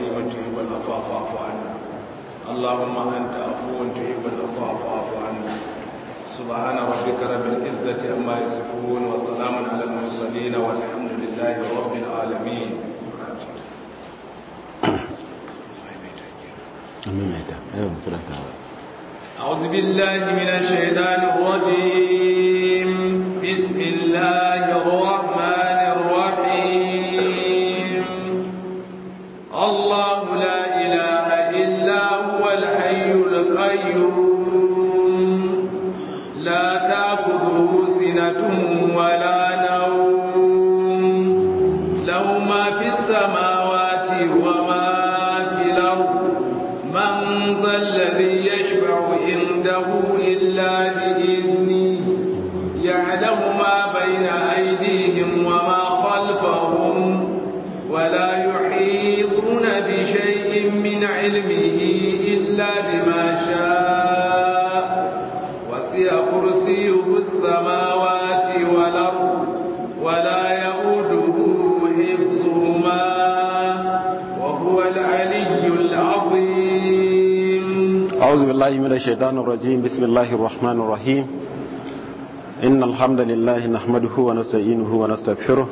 في وجهه والعفو فاعف عنا اللهم أنت عفو تحب العفو فاعف عنا سبحان ربك رب العزة عما يصفون وسلام على المرسلين والحمد لله رب العالمين أيوة، أعوذ بالله من الشيطان الرجيم بالله من الشيطان الرجيم بسم الله الرحمن الرحيم إن الحمد لله نحمده ونستعينه ونستغفره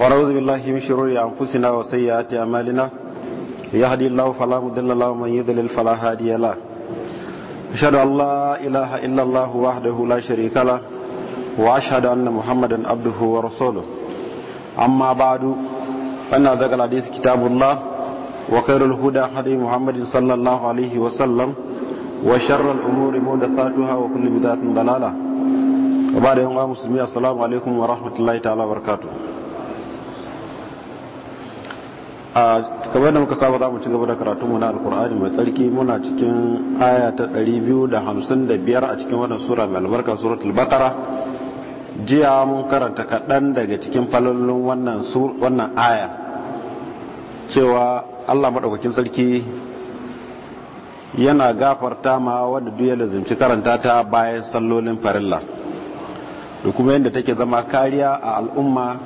ونعوذ بالله من شرور أنفسنا وسيئات أعمالنا يهدي الله فلا مضل له ومن يضلل فلا هادي له أشهد أن لا إله إلا الله وحده لا شريك له وأشهد أن محمدا عبده ورسوله أما بعد فإن ذكر الحديث كتاب الله وخير الهدى حديث محمد صلى الله عليه وسلم وشر الأمور محدثاتها وكل بدعة ضلالة وبعد يوم مسلمين السلام عليكم ورحمة الله تعالى وبركاته kamar da muka saba za mu ci gaba da karatu mu na alkur'ani mai tsarki muna cikin aya ta 255 a cikin wannan sura mai albarka suratul baqara jiya mun karanta kaɗan daga cikin falalun wannan aya cewa Allah maɗaukakin sarki yana gafarta ma wanda duk ya lazimci karanta ta bayan sallolin farilla da kuma yadda take zama kariya a al'umma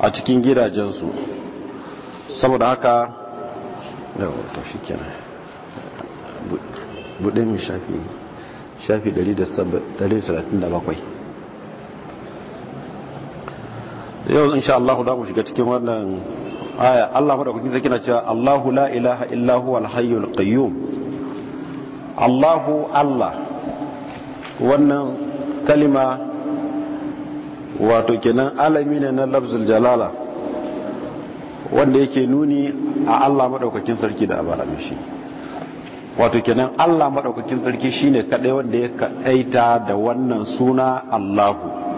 a cikin gidajensu saboda haka da wata shi kira buɗe mai shafi shafi 137 yau insha Allah da mu shiga cikin wannan aya Allah madaukakin sarki na cewa Allahu la ilaha illa huwal hayyul qayyum Allahu Allah wannan kalima wato kenan alami ne na lafzul jalala wanda yake nuni a Allah madaukakin sarki da abara shi wato kenan Allah madaukakin sarki shine kadai wanda ya kaita da wannan suna Allahu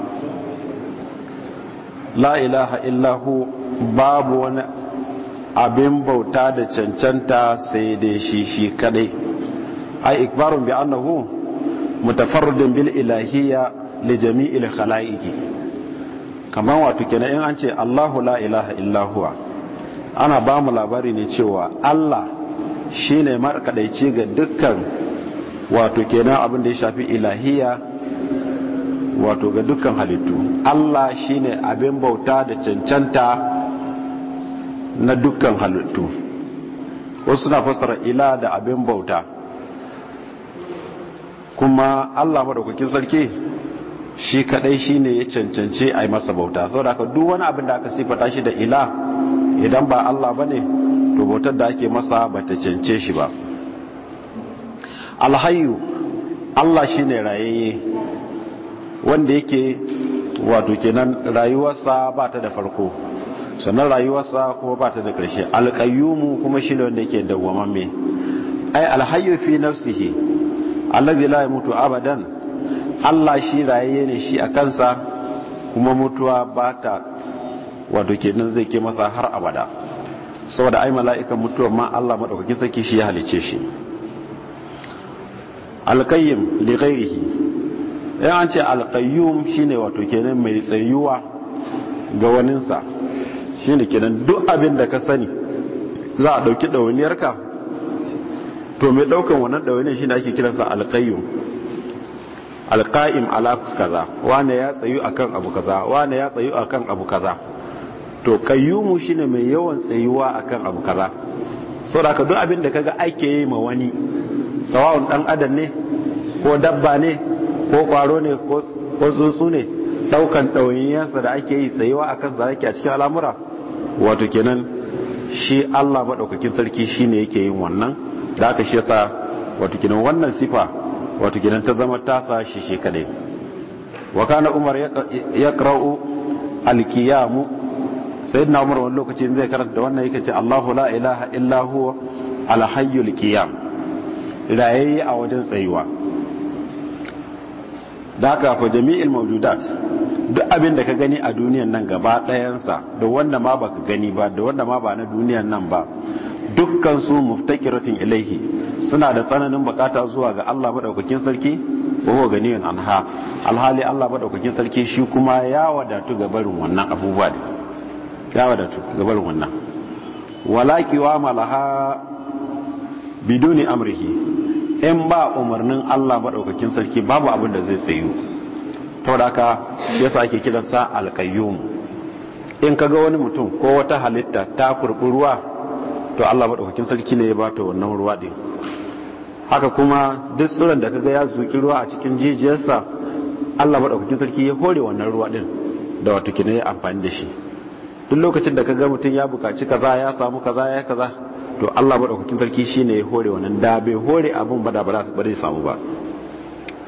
la ilaha illahu. babu wani abin bauta da cancanta sai dai shi shi kadai ai ikbarun bi annahu mutafarridun bil ilahiyya li jami'il khalaiqi kaman wato kenan in an ce Allahu la ilaha illa huwa ana ba mu labari ne cewa Allah shine markadaici ga dukkan wato kenan abin da ya shafi ilahiyya wato ga dukkan halittu Allah shine abin bauta da cancanta na dukkan halittu wasu na fassara ila da abin bauta kuma allah maɗaukakin sarki shi kaɗai shi ne ya cancanci a yi masa bauta sau da duk wani abin da aka sifata shi da ila idan ba allah ba ne to bautar da ake masa ba ta cance shi ba alhayu allah shi ne rayayye wanda yake wato kenan rayuwarsa ba ta da farko sannan rayuwarsa kuma ba ta da ƙarshe alƙayyumu kuma shi ne wanda yake dawwamamme ai alhayyu fi nafsihi allazi la yamutu abadan Allah shi rayaye ne shi a kansa kuma mutuwa ba ta wato kenan zai ke masa har abada saboda ai mala'ikan mutuwa ma Allah madaukakin sarki shi ya halice shi alqayyim li ghairihi an ce alqayyum shine wato kenan mai tsayuwa ga waninsa shi ne kenan duk abin da ka sani za a ɗauki ɗawainiyarka to mai ɗaukan wannan ɗawainiyar shi ne ake kiransa alƙayyum alƙa'im ala kaza wane ya tsayu akan abu kaza wane ya tsayu akan abu kaza to kayyumu shi ne mai yawan tsayuwa akan abu kaza sau da ka duk abin da kaga ake yi ma wani sawa'un ɗan adam ne ko dabba ne ko kwaro ne ko tsuntsu ne ɗaukan ɗawainiyarsa da ake yi tsayuwa akan zaraki a cikin al'amura wato kenan shi Allah maɗaukakin sarki shi ne yake yin wannan da aka shi yasa wato kenan wannan sifa wato kenan ta zama tasa shi shi kadai wa kana umar yaqra'u al-qiyam sayyidina umar wani lokaci zai karanta wannan yake ce Allahu la ilaha illa huwa al-hayyul qiyam rayayi a wajen tsayuwa da haka fa jami'il mawjudat duk abin da ka gani a duniyan nan gaba ɗayansa da wanda ma baka gani ba da wanda ma ba na duniyan nan ba dukkan su muftakiratin ilaihi suna da tsananin bukata zuwa ga Allah madaukakin sarki ko ga ganiyan anha alhali Allah madaukakin sarki shi kuma ya wadatu ga barin wannan abubuwa da ya wadatu ga barin wannan walaki wa malaha biduni amrihi in ba umarnin Allah maɗaukakin sarki babu abin da zai tsayu ta da shi yasa ake sa alƙayyum in kaga wani mutum ko wata halitta ta kurɓi ruwa to Allah maɗaukakin sarki ne ya ba ta wannan ruwa ɗin haka kuma duk tsiron da kaga ya zuƙi ruwa a cikin jijiyarsa Allah maɗaukakin sarki ya hore wannan ruwa ɗin da wato kina ya amfani da shi duk lokacin da kaga mutum ya buƙaci kaza ya samu kaza ya kaza to Allah madaukakin sarki shine ya hore wannan da bai hore abun ba da ba samu ba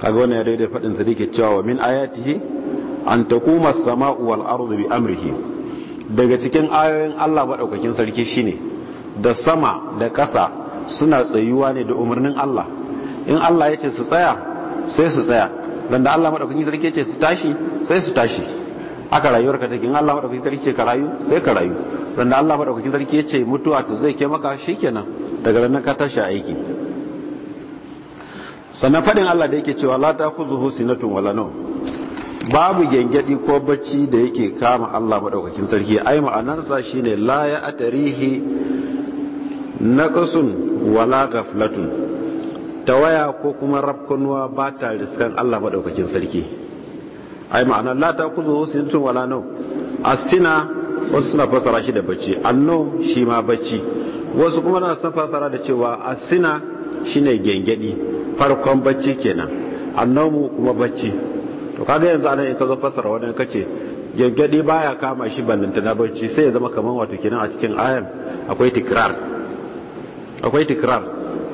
kaga wannan ya daidai fadin sa dake cewa min ayatihi an takuma as-sama'u wal ardu bi amrihi daga cikin ayoyin Allah madaukakin sarki shine da sama da kasa suna tsayuwa ne da umarnin Allah in Allah ya ce su tsaya sai su tsaya dan da Allah madaukakin sarki ya ce su tashi sai su tashi aka rayuwar ka take in Allah madaukakin sarki ce ka rayu sai ka rayu ran da Allah madaukakin sarki ya ce mutuwa to zai ke maka shikenan daga ranar ka tashi aiki sannan fadin Allah da yake cewa la takuzuhu sinatun wala no babu gengedi ko bacci da yake kama Allah madaukakin sarki ai sa shine la ya atarihi naqsun wala gaflatun tawaya ko kuma rafkanuwa ba ta riskan Allah madaukakin sarki ai ma'ana la ta kuzo sinatun wala nau asina wasu suna fassara shi da bacci annau shi ma bacci wasu kuma na san fassara da cewa asina shine gengedi farkon bacci kenan annamu kuma bacci to kaga yanzu anan in ka zo fassara wannan kace gengedi baya kama shi ban na bacci sai ya zama kaman wato kenan a cikin ayan akwai tikrar akwai tikrar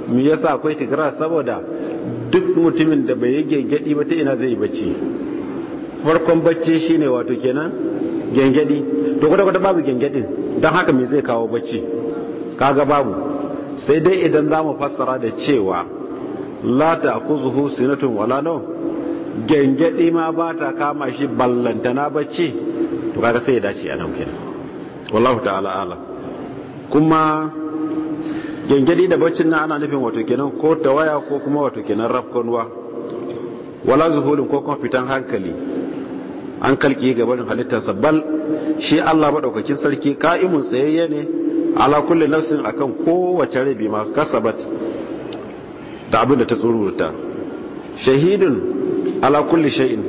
me yasa akwai tikrar saboda duk mutumin da bai yi gengedi ba ta ina zai yi bacci farkon bacci shine wato kenan gengedi to kwata kwata babu gengedin don haka me zai kawo bacci kaga babu sai dai idan za mu fassara da cewa la ta zuhu sinatun wala no gengedi ma ba ta kama shi ballanta na bacci to kaga sai ya dace a nan kenan wallahu ta'ala ala kuma gengedi da baccin na ana nufin wato kenan ko tawaya ko kuma wato kenan rafkonwa wala zuhulin ko kuma fitan hankali an kalki ga barin halittarsa bal shi Allah maɗaukakin sarki ka'imun tsayayye ne ala kulli nafsin akan kowace rabi ma kasabat da abin da ta tsururta shahidun ala kulli shay'in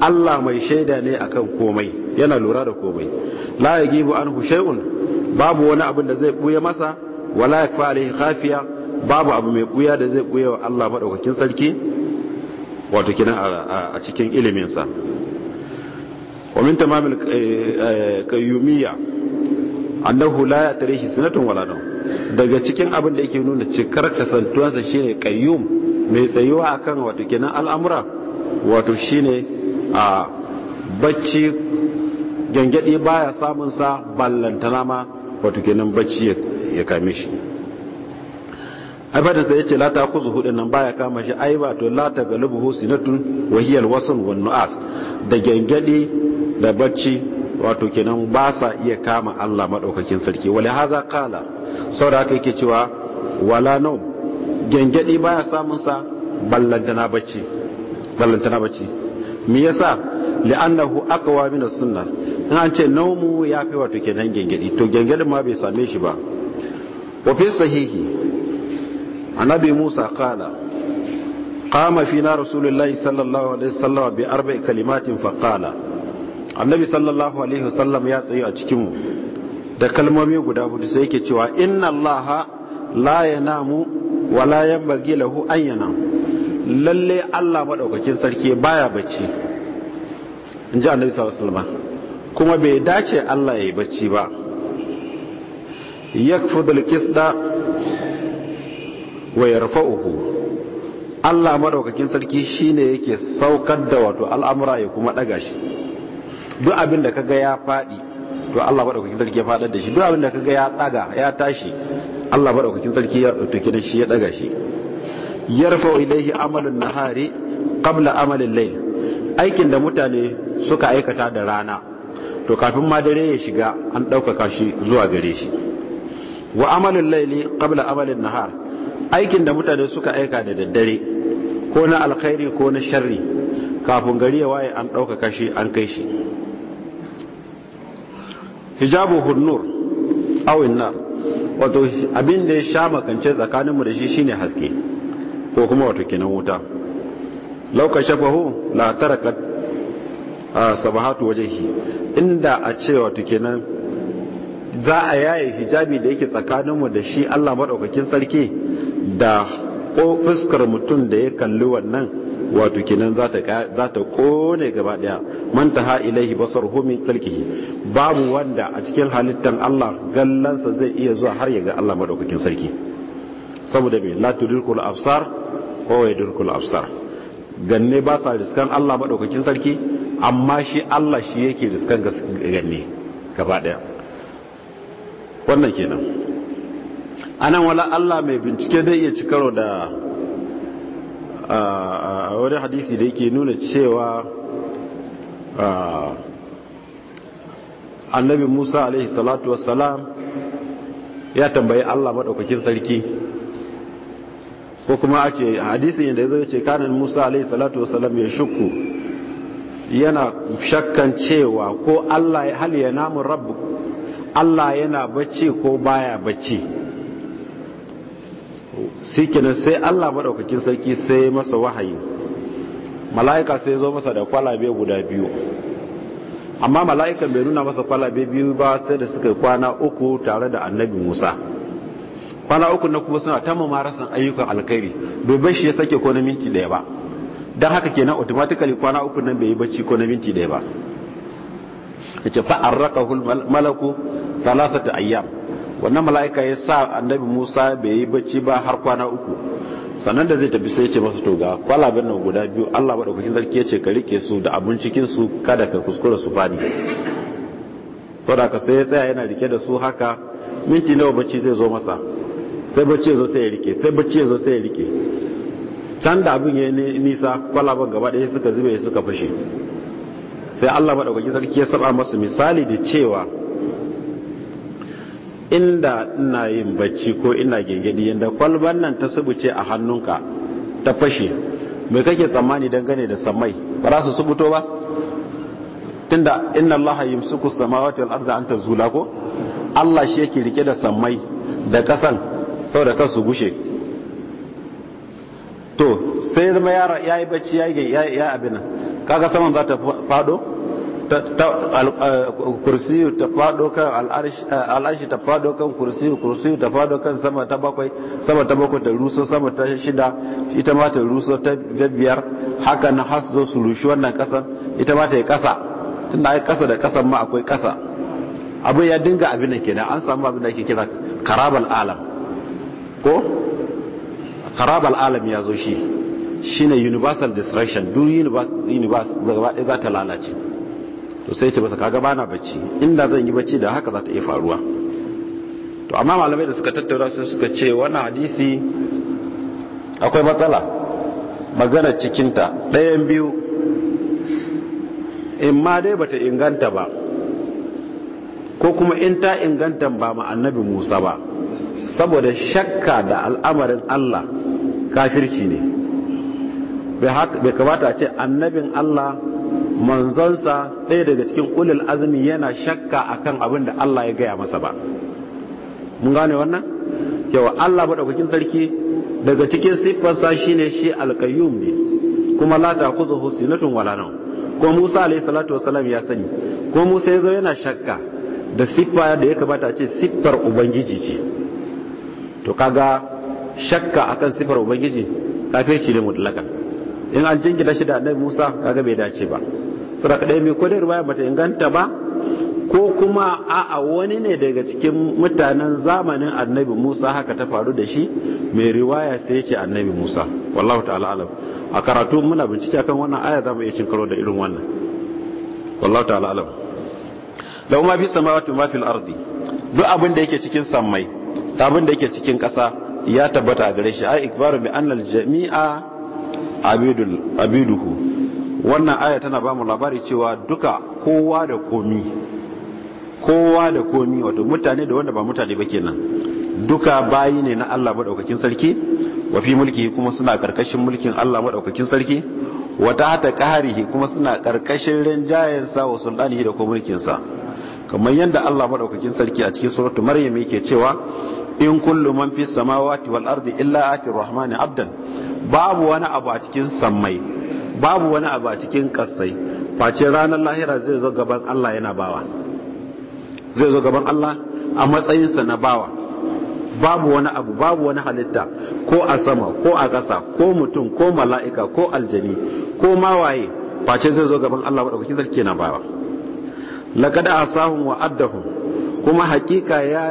Allah mai shaida ne akan komai yana lura da komai la an anhu shay'un babu wani abin da zai buye masa wala yakfa alayhi khafiya babu abu mai buya da zai buye wa Allah maɗaukakin sarki wato kinan a cikin iliminsa ومن تمام القيومية annahu la ya tare shi sinatun wala nau daga cikin abin da yake nuna cikar kasantuwansa shine kayyum mai tsayuwa akan wato kenan al'amura wato shine a bacci gangade baya samun sa ballantana ma wato kenan bacci ya kame shi abada sai yace lata ku zuhu nan baya kama shi ai ba to la tagalubu sinatun wa hiya alwasan wan nu'as da gengade da bacci wato kenan ba sa iya kama Allah madaukakin sarki wala haza qala saboda haka yake cewa wala nau gengade baya samun sa ballantana bacci ballantana bacci me yasa li'annahu aqwa min as-sunnah an ce naumu yafi wato kenan gengade to gengade ma bai same shi ba wa fi sahihi عن أبي موسى قال قام فينا رسول الله صلى الله عليه وسلم بأربع كلمات Annabi Sallallahu alaihi الله عليه وسلم يا سيئة تكمو da kalmomi guda hudu sai yake cewa inna allaha la yanamu wa la yanbaghi lahu an yanam lalle Allah madaukakin sarki baya bacci in ji annabi sallallahu alaihi wasallam kuma bai dace Allah yayi bacci ba yakfudul qisda wa yarfa'uhu Allah madaukakin sarki shine yake saukar da wato al'amura ya kuma daga shi duk abin da kaga ya fadi to Allah madaukakin sarki ya fadar da shi duk abin da kaga ya tsaga ya tashi Allah madaukakin sarki ya tuke da shi ya daga shi yarfa'u ilayhi amalun nahari qabla amalin layl aikin da mutane suka aikata da rana to kafin ma dare ya shiga an ɗaukaka shi zuwa gare shi wa amalin laili qabla amalin nahar aikin da mutane suka aika da daddare ko na alkhairi ko na sharri kafin gari ya waye an ɗauka kashi an kai shi hijabu hunnur awin na, wato abin da ya sha makance tsakaninmu da shi shine haske ko kuma wato kinan wuta lauka shafahu la tarakat sabahatu wajhi inda a ce wato kenan za a yaye hijabi da yake tsakaninmu da shi Allah madaukakin sarki da fuskar mutum da ya kalli wannan wato kinan za ta kone gaba daya mantaha ilaihi basar min talkihi babu wanda a cikin halittar Allah gallansa zai iya zuwa har ya ga Allah madaukakin sarki saboda me lati dirkul afsar kowai dirkul afsar, ganne ba sa riskan Allah madaukakin sarki amma shi Allah shi yake riskan ganne gaba daya wannan kenan anan wala Allah mai bincike zai iya ci karo da wani hadisi da yake nuna cewa annabi Musa alaihi salatu wasalam ya tambayi Allah maɗaukakin sarki ko kuma ake hadisi yadda ya zo ce kanin Musa alaihi salatu wasalam ya shukku yana shakkan cewa ko Allah hali ya namun rabu Allah yana bacci ko baya bacci shi kenan sai allah madaukakin sarki sai masa wahayi mala'ika sai zo masa da kwalabe guda biyu amma mala'ika bai nuna masa kwalabe biyu ba sai da suka kwana uku tare da annabi musa kwana uku na kuma suna tamma marasan ayyukan alkhairi bai bar shi ya sake ko na minti daya ba dan haka kenan automatically kwana uku nan bai yi bacci ko na minti daya ba yace fa arraqahu malaku thalathata ayyam wannan mala'ika ya sa annabi musa bai yi bacci ba har kwana uku sannan da zai tafi sai ce masa toga ga kwalaben nan guda biyu allah maɗaukakin sarki ya ce ka rike su da abin cikin su kada ka kuskura su fani saboda ka sai ya tsaya yana rike da su haka minti nawa bacci zai zo masa sai bacci ya zo sai ya rike sai bacci ya zo sai ya rike can da abin ya yi nisa kwalaban gaba ɗaya suka zube suka fashe sai allah maɗaukakin sarki ya saba masa misali da cewa inda ina yin bacci ko ina gengedi yadda kwalban nan ta subuce a hannunka ta fashe mai kake tsammani dangane da samai ba za su subuto ba tunda inna Allah sama wata yalar da an ta zula ko Allah shi yake rike da samai da kasan da kan su gushe to sai zama ya yi bacci ya yi abinan kaga saman za ta fado Eh, kursiyu ta fado kan al'arshi eh, ta fado kan kursiyu kursiyu ta fado kan sama ta bakwai sama ta bakwai ta ruso sama ta shida ita ma ta ruso ta biyar haka na hasu zo su rushi wannan kasan ita ma ta yi kasa tunda ai kasa da kasan ma akwai kasa abu ya dinga abin da kenan an samu abin da ake kira karabal alam ko karabal alam ya zo shi shine universal destruction duk universe gaba za ta lalace to sai ce basa kaga bana bacci inda zan yi bacci da haka za ta iya faruwa to amma malamai da suka tattauna sun suka ce wani hadisi akwai matsala magana cikinta ɗayan biyu in ma dai bata inganta ba ko kuma in ta inganta ba ma annabi musa ba saboda shakka da al'amarin allah kafirci ne bai kamata ce annabin allah manzonsa ɗaya daga cikin ulul azumi yana shakka akan abin da Allah ya gaya masa ba mun gane wannan yawa Allah maɗaukakin sarki daga cikin siffarsa shine shi alkayyum ne kuma la ta kuzu husinatun wala nan ko Musa alayhi salatu salam ya sani ko Musa yazo yana shakka da siffa da ya kamata ce siffar ubangiji ce to kaga shakka akan siffar ubangiji kafirci ne mutlaka in an jingida shi da annabi Musa kaga bai dace ba saboda ɗaya mai kodai ruwaya bata inganta ba ko kuma a'a wani ne daga cikin mutanen zamanin annabi musa haka ta faru da shi mai riwaya sai ce annabi musa wallahu ta'ala alam a karatu muna bincike kan wannan aya za mu iya cin karo da irin wannan wallahu ta'ala alam da kuma fi sama ma mafi ardi duk abin da yake cikin sammai abin da yake cikin ƙasa ya tabbata a gare shi ai ikbaru bi annal jami'a abiduhu wannan aya tana ba mu labari cewa duka kowa da komi kowa da komi wato mutane da wanda ba mutane ba kenan duka bayi ne na Allah maɗaukakin sarki wa fi mulki kuma suna karkashin mulkin Allah madaukakin sarki wa ta hata qahrihi kuma suna karkashin rinjayen sa wa sultanihi da kuma mulkin sa kamar yadda Allah maɗaukakin sarki a cikin suratu maryam yake cewa in kullu man fi samawati wal ardi illa atir rahmani abdan babu wani abu a cikin sammai babu wani abu a cikin kasai face ranar lahira zai zo gaban Allah yana bawa zai zo gaban Allah a matsayinsa na bawa babu wani abu babu wani halitta ko a sama ko a ƙasa ko mutum ko mala'ika ko aljani ko mawaye face zai zo gaban Allah maɗaukakin sarki na bawa a asahum wa'adda addahum kuma hakika ya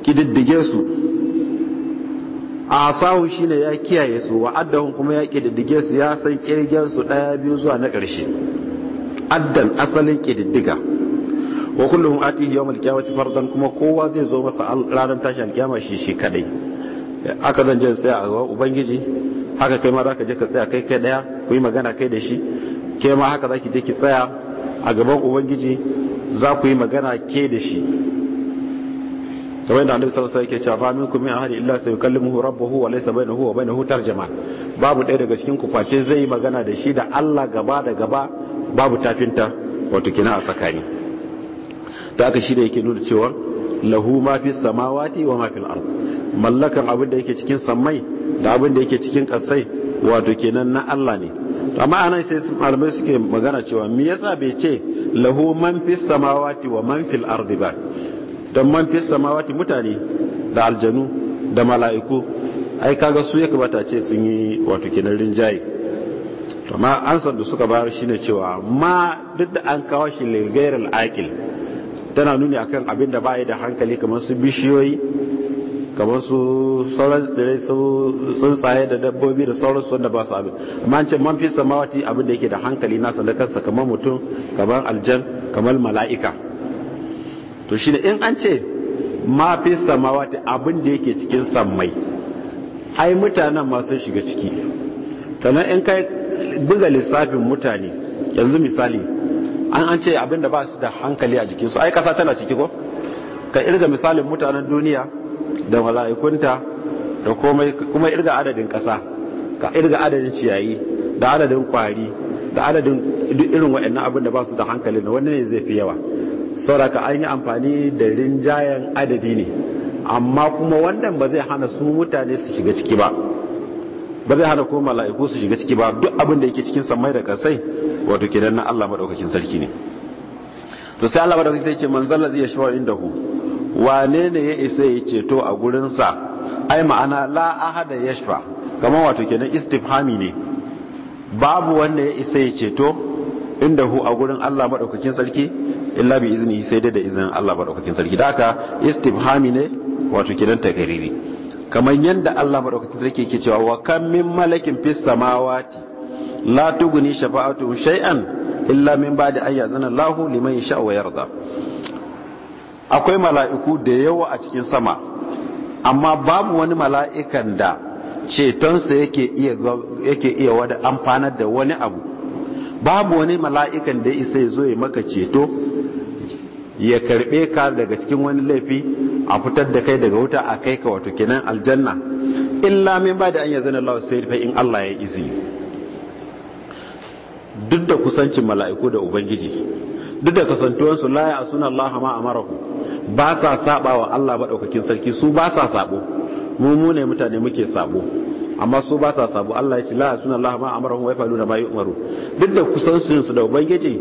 kididdige su a sahu shine ya kiyaye su wa addahun kuma ya kididdige su ya san kirgen su daya biyu zuwa na ƙarshe addan asalin kididdiga wa kullum kulluhum yau mulki qiyamati fardan kuma kowa zai zo masa ranar tashi alkiyama shi shi kadai aka zan je tsaya a gaban ubangiji haka kai ma za ka je ka tsaya kai kai daya ku yi magana kai da shi kai ma haka za ki je ki tsaya a gaban ubangiji za ku yi magana ke da shi kamar yadda annabi sallallahu alaihi wasallam yake cewa fa minkum min ahadi illa sayukallimuhu rabbuhu wa laysa bainahu wa bainahu tarjuma babu ɗaya daga cikin ku face zai magana da shi da Allah gaba da gaba babu tafinta wato kina a tsakani da aka shi da yake nuna cewa lahu ma fi samawati wa ma fil ard mallakan abin da yake cikin sammai da abin da yake cikin kasai wato kenan na Allah ne amma anan sai malamai suke magana cewa me yasa bai ce lahu man fi samawati wa man fil ard ba don man fi samawati mutane da aljanu da mala'iku ai kaga su ya kamata ce sun yi wato kenan rinjaye to ma ansar da suka bayar shine cewa ma duk da an kawo shi lilgairar akil tana nuni akan abin da baya da hankali kamar su bishiyoyi kamar su sauran tsire sun tsaye da dabbobi da sauran su wanda ba su abin amma an ce man fi samawati abin da yake da hankali nasa da kansa kamar mutum kamar aljan kamar mala'ika to shi in an ce ma fi ta abin da yake cikin sammai ai mutanen ma shiga ciki sannan in kai buga lissafin mutane yanzu misali an an ce abin da ba su da hankali a jikinsu ai kasa tana ciki ko ka irga misalin mutanen duniya da mala'ikunta da kuma irga adadin kasa ka irga adadin ciyayi da adadin kwari da adadin duk irin waɗannan abin da ba su da hankali na wani ne zai fi yawa sauraka an yi amfani da rinjayen adadi ne amma kuma wannan ba zai hana su mutane su shiga ciki ba ba zai hana kuma mala'iku su shiga ciki ba duk abin da yake cikin samai da kasai wato kidan na Allah madaukakin sarki ne to sai Allah madaukakin sarki ce man zalla zai indahu wane ne ya isa ya ceto a gurin sa ai ma'ana la ahada yashfa kamar wato kenan istifhami ne babu wanda ya isa ya ceto indahu a gurin Allah madaukakin sarki illa bi izini sai dai da izinin Allah madaukakin sarki da haka istifhami ne wato kidan gariri. kamar yadda Allah madaukakin sarki yake cewa wa kam min malakin fis samawati la tuguni shafa'atu shay'an illa min ba'di an ya'zana Allahu liman yasha wa yarda akwai mala'iku da yawa a cikin sama amma babu wani mala'ikan da cetonsa yake iya yake iya wada amfanar da wani abu babu wani mala'ikan da isa zo ya maka ceto ya karbe ka daga cikin wani laifi a fitar da kai daga wuta a kai ka wato kenan aljanna illa min ba da an zana lawa sai fa in Allah ya izi. duk da kusancin mala'iku da ubangiji duk da kasantuwansu su a sunan Allah ma amarahu ba sa saba wa Allah maɗaukakin sarki su ba sa sabo mu mu mutane muke saɓo. amma su ba sa sabo Allah ya ce la suna Allah ma amarahum wa yafaluna ma yu'maru duk da kusan su da ubangiji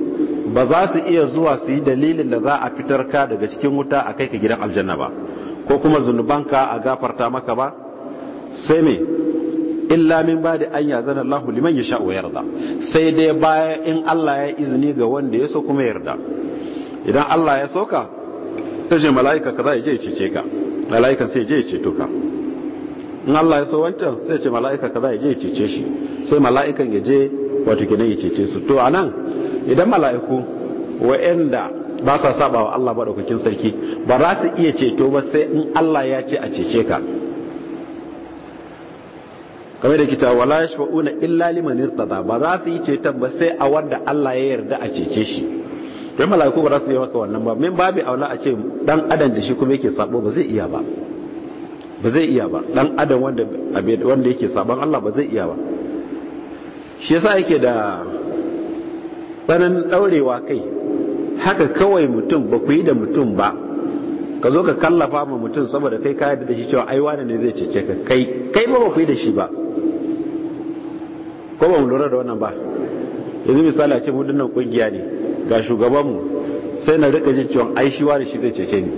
ba za su iya zuwa su yi dalilin da za a fitar ka daga cikin wuta a kai ka gidan aljanna ba ko kuma ka a gafarta maka ba sai me illa min ba da anya Allah liman ya sha'u yarda sai dai baya in Allah ya izini ga wanda ya so kuma yarda idan Allah ya soka ta je mala'ika kaza ya je ya cece ka mala'ikan sai ya je ya ceto ka in Allah ya so wancan sai ce mala'ika kaza ya je ya cece shi sai mala'ikan ya je wato kenan ya cece su to anan idan mala'iku wa'anda ba sa saba wa Allah madaukakin sarki ba za su iya ceto ba sai in Allah ya ce a cece ka kame da kita wala yashfa'una illa liman irtada ba za su yi ceton ba sai a wanda Allah ya yarda a cece shi dan mala'iku ba za su yi maka wannan ba min babi aula a ce dan adam da shi kuma yake sabo ba zai iya ba ba zai iya ba dan adam wanda wanda yake saban Allah ba zai iya ba shi yasa yake da tsanan daurewa kai haka kawai mutum ba ku yi da mutum ba ka zo ka kallafa ma mutum saboda kai ka da shi cewa ai wani ne zai cece ka kai kai ba ba ku yi da shi ba ko ba mu lura da wannan ba yanzu misali a ce mu dinnan kungiya ne ga shugabanmu sai na rika jin cewa ai shi wani shi zai cece ni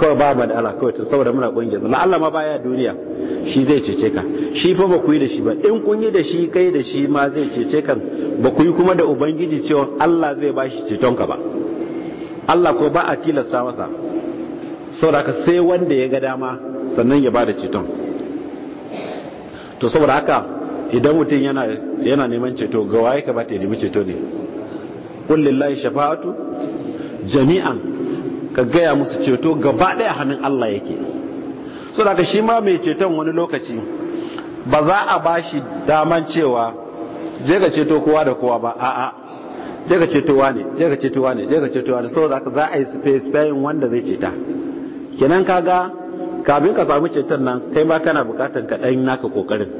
kawai ba madala kawai tun saboda muna ƙungiya zama Allah ma baya duniya shi zai cece ka shi fa ba ku yi da shi ba in kun yi da shi kai da shi ma zai cece kan ba ku yi kuma da ubangiji cewa Allah zai ba shi ceton ka ba Allah ko ba a tilasta masa saboda ka sai wanda ya ga dama sannan ya bada ceton to saboda haka idan mutum yana yana neman ceto ga waye ka ba ta nemi ceto ne qul lillahi shafa'atu jami'an ka gaya musu ceto gaba ɗaya hannun Allah yake so daga shi ma mai ceton wani lokaci ba za a ba shi daman cewa je ka ceto kowa da kowa ba a'a je ka cetowa ne je ka cetowa ne je ka cetowa ne saboda haka za a yi space wanda zai ceta kenan kaga kafin ka samu ceton nan kai ma kana bukatan ka dan naka kokarin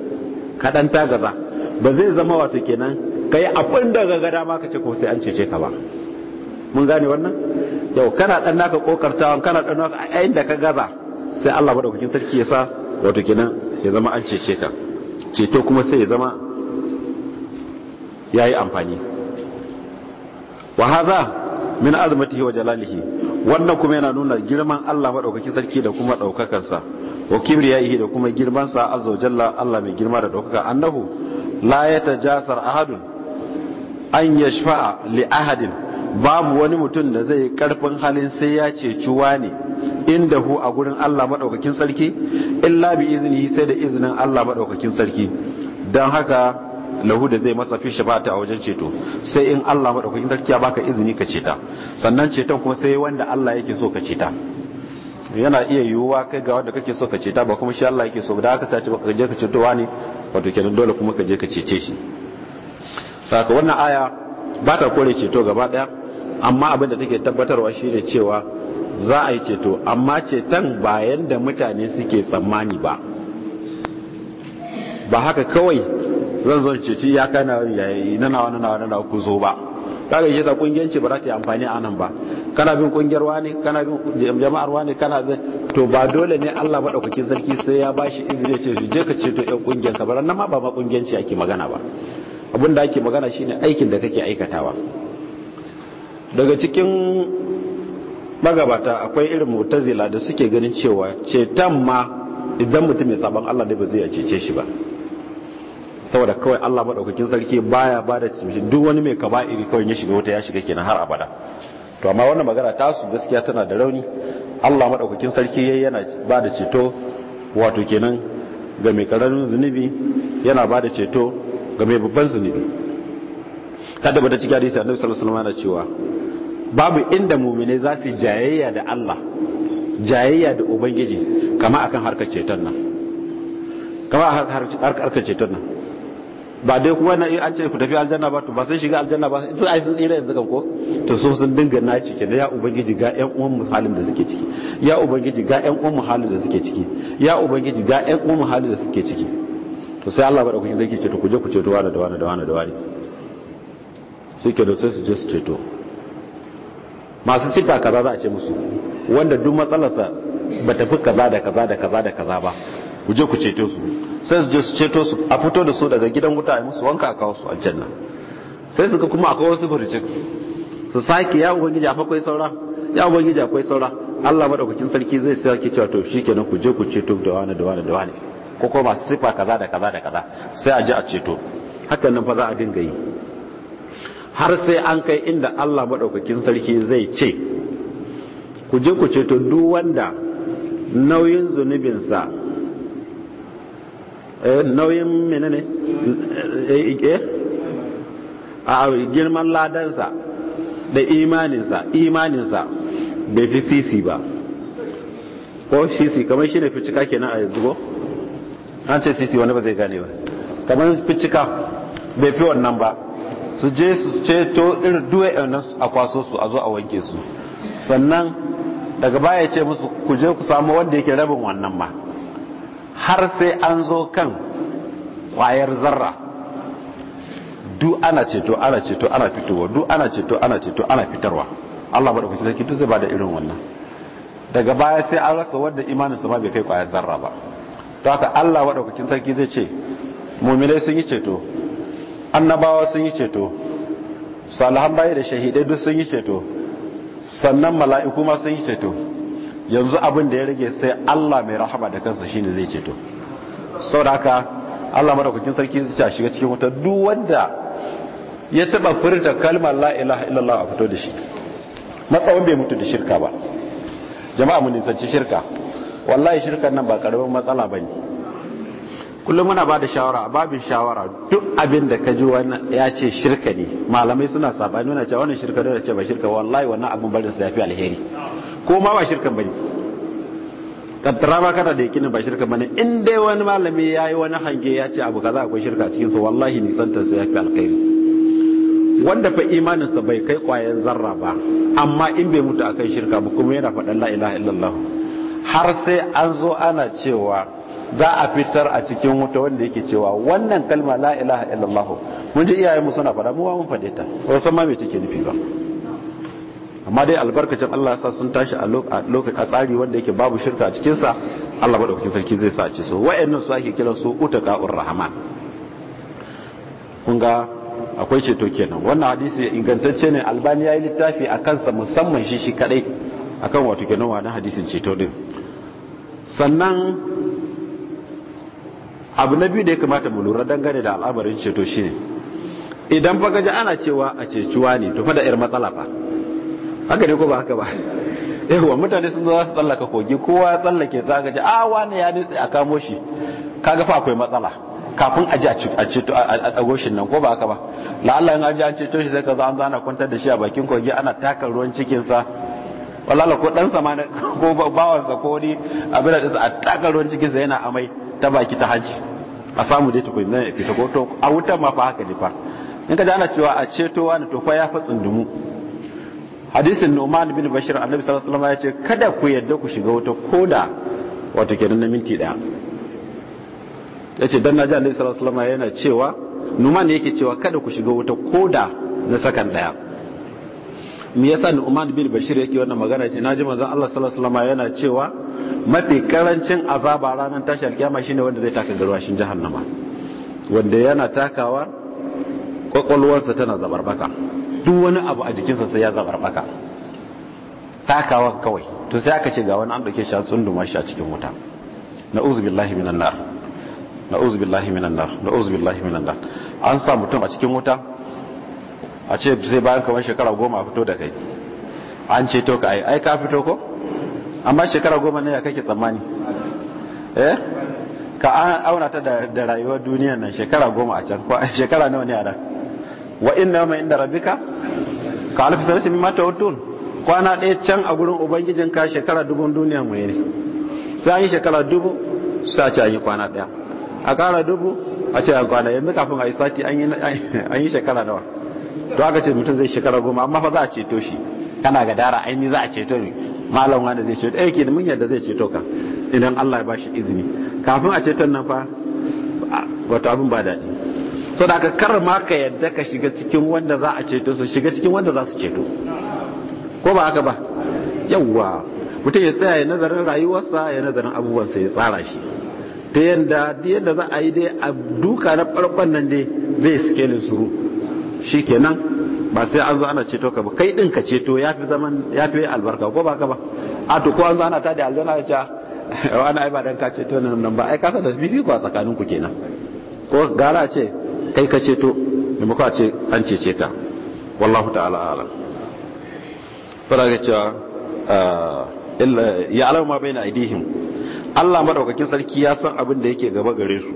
ka dan tagaza ba zai zama wato kenan kai abin da ga dama ka ce ko sai an cece ka ba mun gane wannan yau kana dan naka kokartawan kana dan naka a da ka gaza sai Allah madaukakin sarki ya sa wato kenan ya zama an cece ka ceto kuma sai ya zama yayi amfani wa hadha min azmatihi wa jalalihi wannan kuma yana nuna girman Allah madaukakin sarki da kuma sa wa kibriyahi da kuma girman sa azza jalla Allah mai girma da daukaka annahu la yatajasar ahadun an yashfa li ahadin babu wani mutum da zai karfin halin sai ya ce cuwa ne inda hu a gurin Allah maɗaukakin sarki illa bi izini sai da izinin Allah maɗaukakin sarki Don haka lahu da zai masa fi shafata a wajen ceto sai in Allah maɗaukakin sarki ya baka izini ka ceta sannan ceton kuma sai wanda Allah yake so ka ceta yana iya yiwuwa kai ga wanda kake so ka ceta ba kuma shi Allah yake so da haka sai ka je ka ceto wani wato kenan dole kuma ka je ka cece shi saka wannan aya ba ta kore ceto gaba daya amma abin da take tabbatarwa shi ne cewa za a yi ceto amma ceton bayan da mutane suke tsammani ba ba haka kawai zan zo ceci ya kana na nawa na nawa na ku zo ba kaga shi ta ce ba za ta yi amfani a nan ba kana bin kungiyar wani kana bin jama'ar wani kana bin to ba dole ne Allah madaukakin sarki sai ya bashi izini ce je ka ceto yan kungiyar ka ba nan ma ba ma ce ake magana ba abin da ake magana shine aikin da kake aikatawa daga cikin magabata akwai irin mutazila da suke ganin cewa cetan ma idan mutum mai sabon Allah da ba zai cece shi ba saboda kawai Allah madaukakin sarki baya ba da duk wani mai kaba'iri kawai ya shiga wata ya shiga kenan har abada to amma wannan magana ta su gaskiya tana da rauni Allah madaukakin sarki yayi yana bada ceto wato kenan ga mai karamin zunubi yana ba da ceto ga mai babban zunubi kada bata cikin hadisi annabi sallallahu alaihi wasallam cewa babu inda mu'mine za su jayayya da Allah jayayya da ubangiji kama akan harkar ceton nan kama harkar ceton nan ba dai kuma na an ce ku tafi aljanna ba to ba sai shiga aljanna ba sai ai sun tsira yanzu kan ko to so sun dinga na ciki da ya ubangiji ga ƴan uwan mu halin da suke ciki ya ubangiji ga ƴan uwan mu halin da suke ciki ya ubangiji ga ƴan uwan mu halin da suke ciki to sai Allah madaukakin zai ce to kuje ku ceto wani da wani da wani da wani sai ke da sai su je su ceto masu sita kaza za a ce musu wanda duk matsalarsa ba tafi kaza da kaza da kaza da kaza ba Kuje ku ceto su sai su je su ceto su a fito da su daga gidan wuta a musu wanka a kawo su aljanna sai su ga kuma akwai wasu furcin su sake ya ubangiji akwai saura ya ubangiji akwai saura Allah madaukakin sarki zai sake cewa to shikenan ku je ku ceto da wani da wani da wani ko ko masu sifa kaza da kaza da kaza sai a ji a ceto hakan nan fa za a dinga yi har sai an kai inda Allah madaukakin sarki zai ce ku je ku ceto duk wanda nauyin zunubinsa eh, nauyin menene eh, eh, a girman ladansa da imaninsa imaninsa bai fi sisi ba ko sisi kamar shi ne fi cika kenan a yanzu ko an ce sisi wani ba zai gane ba kamar ficcika bai fi wannan ba su je su ceto irin duwe nan a kwaso su a zo a wanke su sannan daga baya ce musu ku je ku samu wanda yake rabin wannan ma har sai an zo kan kwayar zarra du ana ceto ana ceto ana fitowa du ana ceto ana ceto ana fitarwa Allah ba da kuke zai kitu zai bada irin wannan daga baya sai an rasa wanda imanin sa ma bai kai kwayar zarra ba to haka Allah waɗaukacin sarki zai ce muminai sun yi ceto annabawa sun yi ceto salahan bayi da shahidai duk sun yi ceto sannan mala'iku ma sun yi ceto yanzu abin da ya rage sai Allah mai rahama da kansa shine zai ceto Sau da haka Allah madaukakin sarki zai ce a shiga cikin wuta duk wanda ya taba furta kalmar la ilaha illallah a fito da shi matsawon bai mutu da shirka ba jama'a mun nisanci shirka wallahi shirkan nan ba karamin matsala ba ne kullum muna ba da shawara babin shawara duk abin da ka ji ya ce shirka ne malamai suna sabani nuna cewa wannan shirka ne da ce ba shirka wallahi wannan abin barin sa yafi alheri ko ma ba shirkan bane kaddara ma kana da yakinin ba shirka bane in dai wani malami ya yi wani hange ya ce abu kaza akwai shirka cikin sa wallahi nisantar sa yafi alheri wanda fa imaninsa bai kai kwayan zarra ba amma in bai mutu akan shirka ba kuma yana faɗan la ilaha illallah har sai an zo ana cewa za a fitar a cikin wuta wanda yake cewa wannan kalma la ilaha illallah mun ji iyayen mu suna faɗa mu mun faɗe ta ko san ma me take nufi ba amma dai albarkacin Allah sa sun tashi a lokacin a tsari wanda yake babu shirka a cikin sa Allah madaukakin sarki zai sa ci so wa'annan su ake kiransu uta utaqaur rahman kun ga akwai ceto kenan wannan hadisi ingantacce ne albani ya yi littafi a kansa musamman shi shi kadai akan wato kenan wannan hadisin ceto din sannan abu na biyu da ya kamata mu lura dangane da al'amarin ceto shine idan ba gaji ana cewa a cecuwa ne to fa da 'yar matsala ba. haka ne ko ba haka ba wa mutane sun zo za su tsallaka kogi kowa ya tsallake sa ga ji a wani ya nutse a kamo shi kaga fa akwai matsala kafin a ji a ceto a goshin nan ko ba haka ba la'allah in an ji an ceto shi sai ka zo an zana kwantar da shi a bakin kogi ana taka ruwan cikinsa wallahi ko dan sama ko bawan sa ko ni abin da a takarwan cikin sa yana amai ta baki ta haji a samu dai tukuni nan fita ko to a wutar ma fa haka ne fa in ka ji ana cewa a ceto wani to fa ya fa tsundumu hadisin Numan bin Bashir annabi sallallahu alaihi wasallam ya ce kada ku yadda ku shiga wuta koda wato kenan na minti daya yace dan naji annabi sallallahu alaihi wasallam yana cewa Numan yake cewa kada ku shiga wuta koda na sakan daya me yasa Nu'man bin Bashir yake wannan magana ce naji manzon Allah sallallahu alaihi wasallam yana cewa mafi karancin azaba ranar tashi alkiyama shine wanda zai taka garwashin jahannama wanda yana takawa kwakwalwarsa tana zabarbaka duk wani abu a jikinsa sai ya zabarbaka takawan kawai to sai aka ce ga wani an dauke shi an tsunduma shi a cikin wuta na'udzu billahi minan nar na'udzu billahi minan nar na'udzu billahi minan nar an sa mutum a cikin wuta a ce zai bayan kamar shekara goma a fito da kai an ce to ka ai ai ka fito ko amma shekara goma ne ya kake tsammani eh ka an auna ta da rayuwar duniyar nan shekara goma a can ko shekara nawa ne a da wa inna ma inda rabbika ka alfi sarasi mimma tawtun kwana ɗaya can a gurin ubangijinka shekara dubun duniyar mu ne sai an yi shekara dubu sai a ce an yi kwana ɗaya a ƙara dubu a ce an kwana yanzu kafin a yi sati an yi shekara nawa to aka ce mutum zai shekara goma amma fa za a ceto shi kana ga dara aini za a ceto ne malam wanda zai ceto eh ke mun yadda zai ceto ka idan Allah ya shi izini kafin a ceton nan fa wato abin ba daɗi so da aka kar ma ka yadda ka shiga cikin wanda za a ceto su shiga cikin wanda za su ceto ko ba haka ba yawwa mutum ya tsaya ya nazarin rayuwarsa ya nazarin abubuwansa ya tsara shi ta yadda yadda za a yi dai a duka na farkon nan dai zai ne suru Shi kenan ba sai an zo ana ceto ka ba kai din ka ceto fi zaman fi albarka ko ba ka ba a to ko an zo ana ta da aljanna ya ce wani ai ba dan ka ceto nan nan ba ai ka san da bibi ko a tsakanin ku kenan ko gara ce kai ka ceto ne ba ce an cece ka wallahu ta'ala alam fara ga cewa ah, illa ya alama baina aidihim Allah madaukakin sarki ya san abin da yake gaba gare su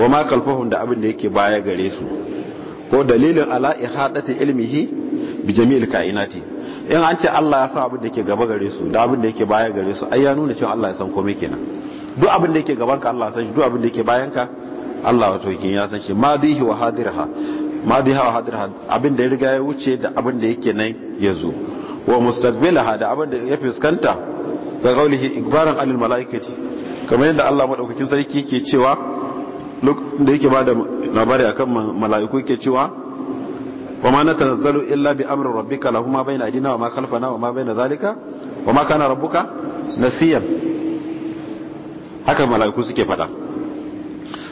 wa ma kalfahun da abin da yake baya gare su ko dalilin ala ihadati ilmihi bi jami'il kainati in an ce Allah ya san abin da yake gaba gare su da abin da yake baya gare su ai ya nuna cewa Allah ya san komai kenan duk abin da yake gaban ka Allah ya san shi duk abin da yake bayan ka Allah wato yake ya san shi madihi wa hadirha madiha wa hadirha abin da ya riga ya wuce da abin da yake nan ya zo wa mustaqbilaha da abin da ya fuskanta ga qaulihi ikbaran alil malaikati kamar yadda Allah madaukakin sarki yake cewa da yake da labari akan mala'iku yake cewa wa ma natanzalu illa bi amri rabbika ma bayna aydina wa ma khalfana wa ma bayna zalika wa ma kana rabbuka nasiyan haka mala'iku suke fada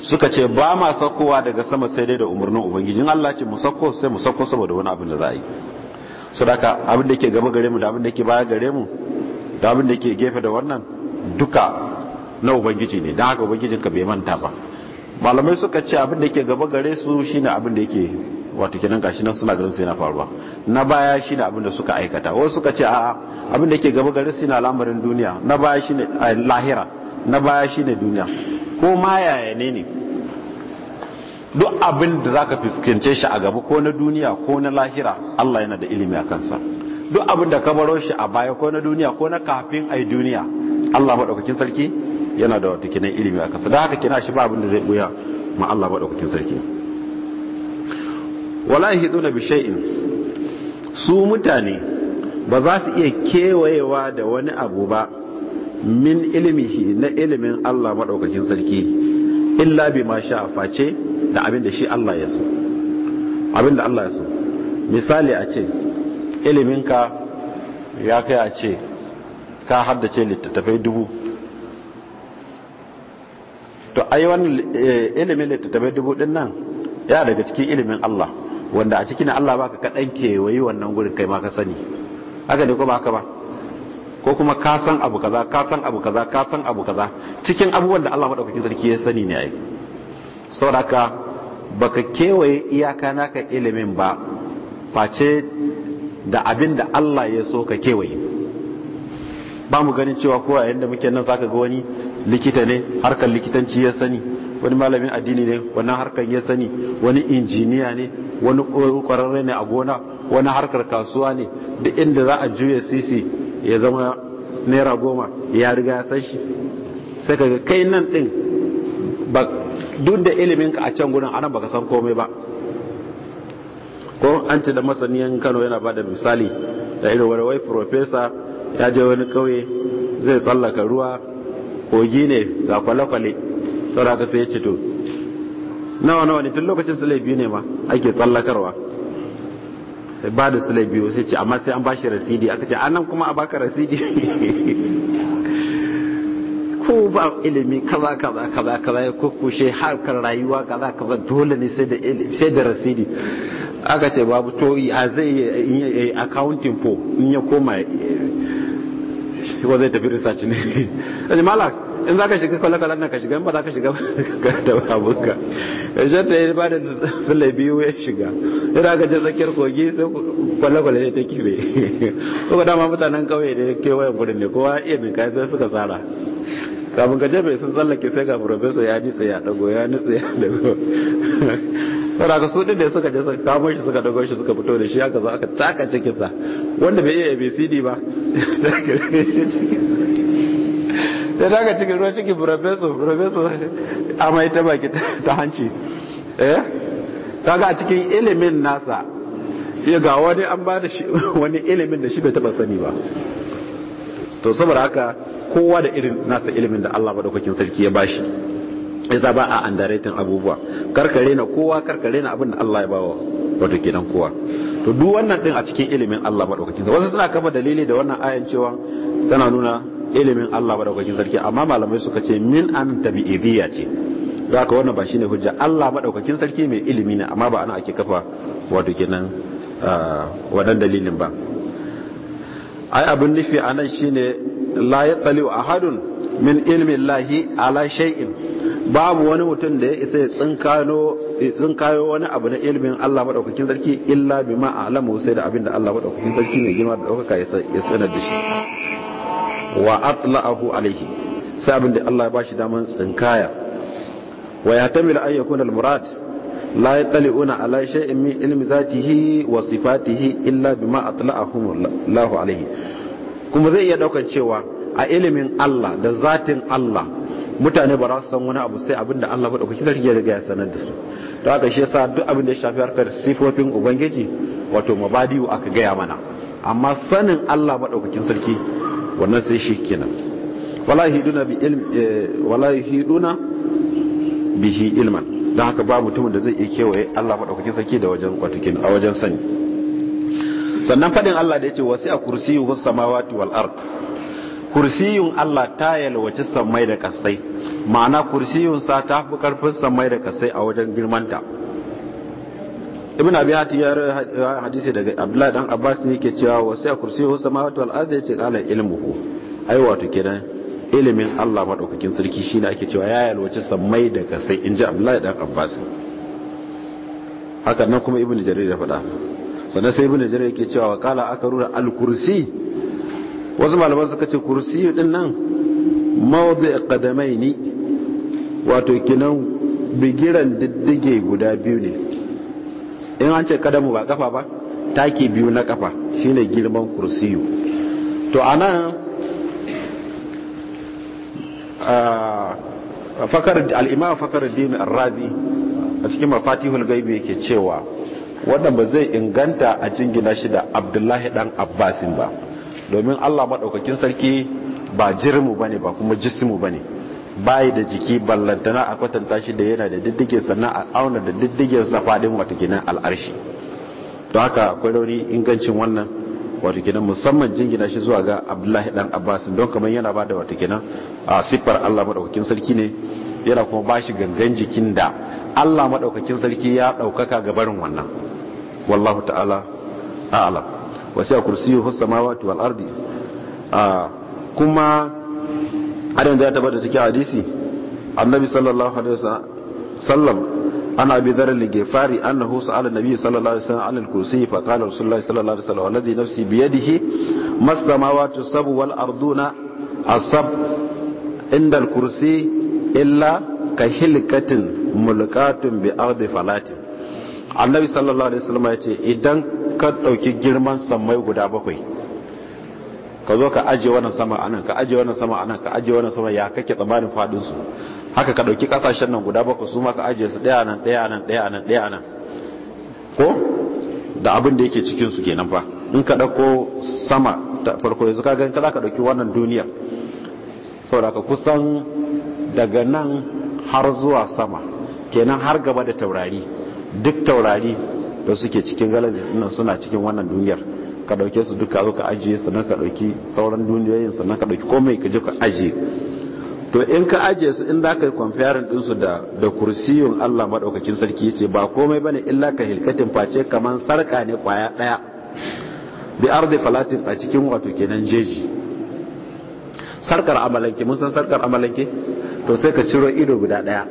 suka ce ba ma sakowa daga sama sai dai da umurnin ubangijin Allah ce mu sauko sai mu sauko saboda wani abin da za a yi su daga abin da ke gaba gare mu da abin da ke baya gare mu da abin da ke gefe da wannan duka na ubangiji ne don haka ubangijinka bai manta ba malamai suka ce abin da ke gaba gare su shine abin da yake wato kenan gashi nan suna garin sai na faruwa na baya shine abin da suka aikata wasu suka ce a'a abin da yake gaba gare su na lamarin duniya na baya shine lahira na baya shine duniya ko ma yaya ne ne duk abin da zaka fuskance shi a gaba ko na duniya ko na lahira Allah yana da ilimi a kansa duk abin da ka baro shi a baya ko na duniya ko na kafin ai duniya Allah madaukakin sarki yana da wata kinan ilimi a kasa da haka kina shi ba abin da zai buya ma Allah maɗaukakin sarki wala yahiduna na su mutane ba za su iya kewayewa da wani abu ba min ilimihi na ilimin Allah maɗaukakin sarki illa bi ma sha face da abin shi Allah ya so abin Allah ya so misali a ce iliminka ya kai a ce ka haddace littattafai dubu to ai wannan eh, ilimin littattafai dubu din nan yana daga cikin ilimin Allah wanda a cikin Allah baka kaɗan kewayi wannan gurin kai ma ka sani haka ne ko ba haka ba ko kuma ka san abu kaza ka san abu kaza ka san abu kaza cikin abubuwan da Allah madaukakin sarki ya sani ne ai saboda haka baka kewaye iyaka naka ilimin ba face da abin da Allah ya so ka kewaye ba mu ganin cewa ko a yanda muke nan zaka ga wani likita ne harkar likitanci ya sani wani malamin addini ne wannan harkar ya sani wani injiniya ne wani kwararre ne a gona wani harkar kasuwa ne duk inda za a juya sisi ya zama naira goma ya riga ya san shi sai kaga kai nan din ba duk da ilimin ka a can gudun anan baka san komai ba ko an ci da masaniyan Kano yana bada misali da irin wani wai profesa ya je wani kauye zai tsallaka ruwa kogi ne ga kwale-kwale saboda haka sai ya ce to nawa nawa ne tun lokacin su laifi ne ma ake tsallakarwa sai ba da su laifi sai ce amma sai an bashi rasidi aka ce nan kuma a baka rasidi ko ba ilimi kaza kaza kaza kaza ya kukushe harkar rayuwa kaza kaza dole ne sai da sai da rasidi aka ce babu to a zai yi accounting for in ya koma eh, shi ba zai tafi research ne ne mala in za ka shiga kwale na ka shiga in ba za ka shiga da ya shi ta yi ba da tsule biyu ya shiga yana ga jin tsakiyar kogi sai kwale-kwale ta kibe ko dama mutanen kauye da kewayen gudun ne kowa iya min kayan sai suka tsara kafin ka jefe sun tsallake sai ga professor ya nitsa ya dago ya nitsa ya dago saboda ka su din da suka je suka kamo shi suka dago shi suka fito da shi haka zo aka taka cikin sa wanda bai iya ABCD ba da daga cikin ruwa cikin burabeso burabeso amai ta baki ta hanci eh kaga a cikin ilimin nasa ya ga wani an ba da shi wani ilimin da shi bai taba sani ba to saboda haka kowa da irin nasa ilimin da Allah madaukakin sarki ya bashi yasa ba a underrating abubuwa karkare na kowa karkare na abin da Allah ya bawa wato kenan kowa to duk wannan din a cikin ilimin Allah madaukakin sarki wasu suna kafa dalili da wannan ayan cewa tana nuna ilimin Allah madaukakin sarki amma malamai suka ce min an tabi'idiyya ce da haka wannan ba shine hujja Allah madaukakin sarki mai ilimi ne amma ba ana ake kafa wato kenan ah, wadan dalilin ba ai abin nufi anan shine la a ahadun min ilmin lahi ala shay'in babu wani mutum da ya isa ya tsinkayo wani abu na ilmin Allah maɗaukakin sarki illa bi alamu sai da abin da Allah maɗaukakin sarki ne girma da ɗaukaka ya sanar da shi wa atla'ahu alaihi sai abin da Allah ya bashi daman tsinkaya wa ya tamil an yakuna al-murad la yattali'una ala shay'in min ilmi zatihi wa sifatihi illa bima atla'ahu Allah alaihi kuma zai iya daukan cewa a ilimin Allah da zatin Allah mutane ba za su san wani abu sai abin da Allah maɗaukaki sarki ya riga ya sanar da su don haka shi yasa duk abin da ya shafi harkar sifofin ubangiji wato mabadiyu aka gaya mana amma sanin Allah maɗaukakin sarki wannan sai shi kenan wala hiduna bi ilm eh, wala hiduna bihi ilman don haka ba mutumin da zai iya kewaye Allah maɗaukakin sarki da wajen kwatukin a wajen sani sannan faɗin Allah da ya ce wasi a kursiyu hus samawati wal ard kursiyun Allah ta yalwaci sammai da kasai ma'ana kursiyunsa ta fi karfin sammai da kasai a wajen girmanta ibn abi hati ya hadisi daga abdullahi dan abbas ne yake cewa wasu ya kursiyu samawati wal ardi yace qala ilmuhu ai wato kenan ilimin Allah madaukakin sarki shine ake cewa ya yalwaci sammai da kasai inji abdullahi dan abbas haka nan kuma ibn jarir ya faɗa sannan sai ibn jarir yake cewa qala rura al kursi wasu malaman suka ce kursiyu din nan a kadamai ne wato kinan bigiran diddige guda biyu ne in an ce kadamu ba kafa ba ke biyu na kafa shine girman kursiyu to a anan al'imam din razi a cikin mafatihul gaibi yake cewa wadda ba zai inganta a jingina shi da abdullahi dan abbasin ba domin Allah maɗaukakin sarki ba jirmu bane ba kuma ba bane bayi da jiki ballantana a kwatanta shi da yana da diddigin sannan a auna da diddigen safadin wata ginin al'arshi don haka akwai rauni ingancin wannan wata ginin musamman jingina shi zuwa ga Abdullahi dan Abbas don kamar yana bada wata ginin a siffar Allah maɗaukakin sarki ne yana kuma bashi gangan jikin da Allah maɗaukakin sarki ya ɗaukaka ga barin wannan wallahu ta'ala a'alam. wasi'a kursiyuhu samawati wal ardi a kuma adan da ya tabbata cikin hadisi annabi sallallahu alaihi wasallam ana abi dhar al-ghifari annahu sa'ala an-nabi sallallahu alaihi wasallam alal kursi fa qala rasulullahi sallallahu alaihi wasallam alladhi nafsi bi yadihi mas samawati sab wal arduna asab inda al-kursi illa ka hilkatin mulkatun bi ardi falati annabi sallallahu alaihi wasallam ya ce idan ka ɗauki girman sammai guda bakwai ka zo ka ajiye wannan sama a nan ka ajiye wannan sama a nan ka ajiye wannan sama ya kake tsammanin su haka ka ɗauki ƙasashen nan guda bakwai su ma ka ajiye su ɗaya nan ɗaya nan ɗaya nan ɗaya nan ko da abin da yake cikinsu kenan fa in ka ɗauko sama ta farko yanzu ka gani ka za ka ɗauki wannan duniyar saboda ka kusan daga nan har zuwa sama kenan har gaba da taurari duk taurari da suke cikin galazi suna cikin wannan duniyar ka dauke su duka zo ka ajiye sannan ka dauki sauran duniyoyin sannan ka dauki komai ka je ka ajiye to in ka ajiye su in za ka yi kwamfiyarin ɗinsu da da kursiyun Allah maɗaukacin sarki ya ce ba komai bane illa ka hilkatin face kamar sarka ne kwaya ɗaya bi ardi falatin a cikin wato kenan jeji sarkar amalanke mun san sarkar amalanke to sai ka ciro ido guda ɗaya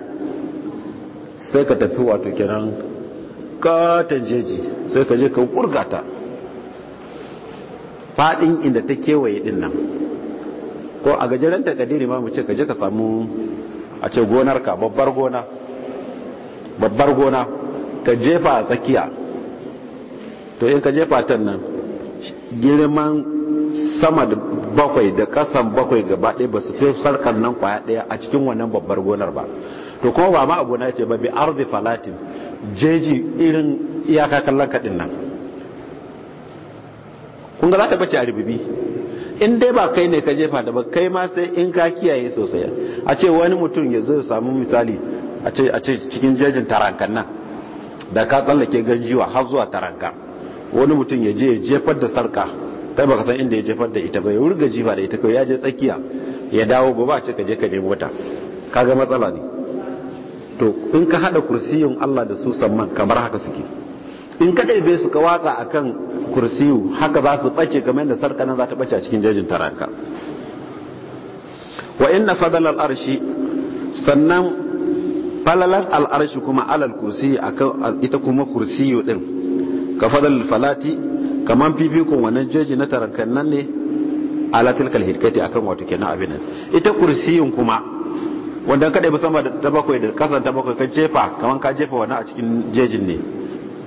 sai ka tafi wato kenan katon jeji sai ka je ka kurgata fadin inda ta kewaye din nan ko a gajeren takadiri ma mu ce ka je ka samu a ce gonarka babbar gona babbar gona ka jefa a tsakiya to in ka jefa ta nan girman sama da bakwai da kasan bakwai gaba ɗaya ba su fi sarkar nan kwaya ɗaya a cikin wannan babbar gonar ba to kuma ba ma a gona ce ba bi arzi falatin jeji irin iyaka kallon kaɗin nan kunga za ta bace a ribibi in dai ba kai ne ka jefa da ba kai ma sai in ka kiyaye sosai a ce wani mutum ya zo samu misali a ce cikin jejin tarankan nan da ka tsallake ganjiwa har zuwa taranka wani mutum ya je ya jefar da sarka kai baka san inda ya jefar da ita ba ya wurga jifa da ita kai ya je tsakiya ya dawo ba ba ce ka je ka nemo ta kaga matsala ne to in ka hada kursiyun Allah da su samman kamar haka suke in ka ɗaibe su ka watsa a kan kursiyu haka za su ɓace kamar yadda sarka nan za ta ɓace a cikin jejin taranka wa inna fadalar arshi sannan falalar al'arshi kuma alal kursiyu akan ita kuma kursiyu din ka fadalar falati kamar fifikon wannan jeji na tarankan nan ne ala kalhirkati hirkati akan wato kenan abinan ita kursiyun kuma wanda kadai ba sama da bakwai da kasan ta bakwai ka jefa kaman ka jefa wani a cikin jejin ne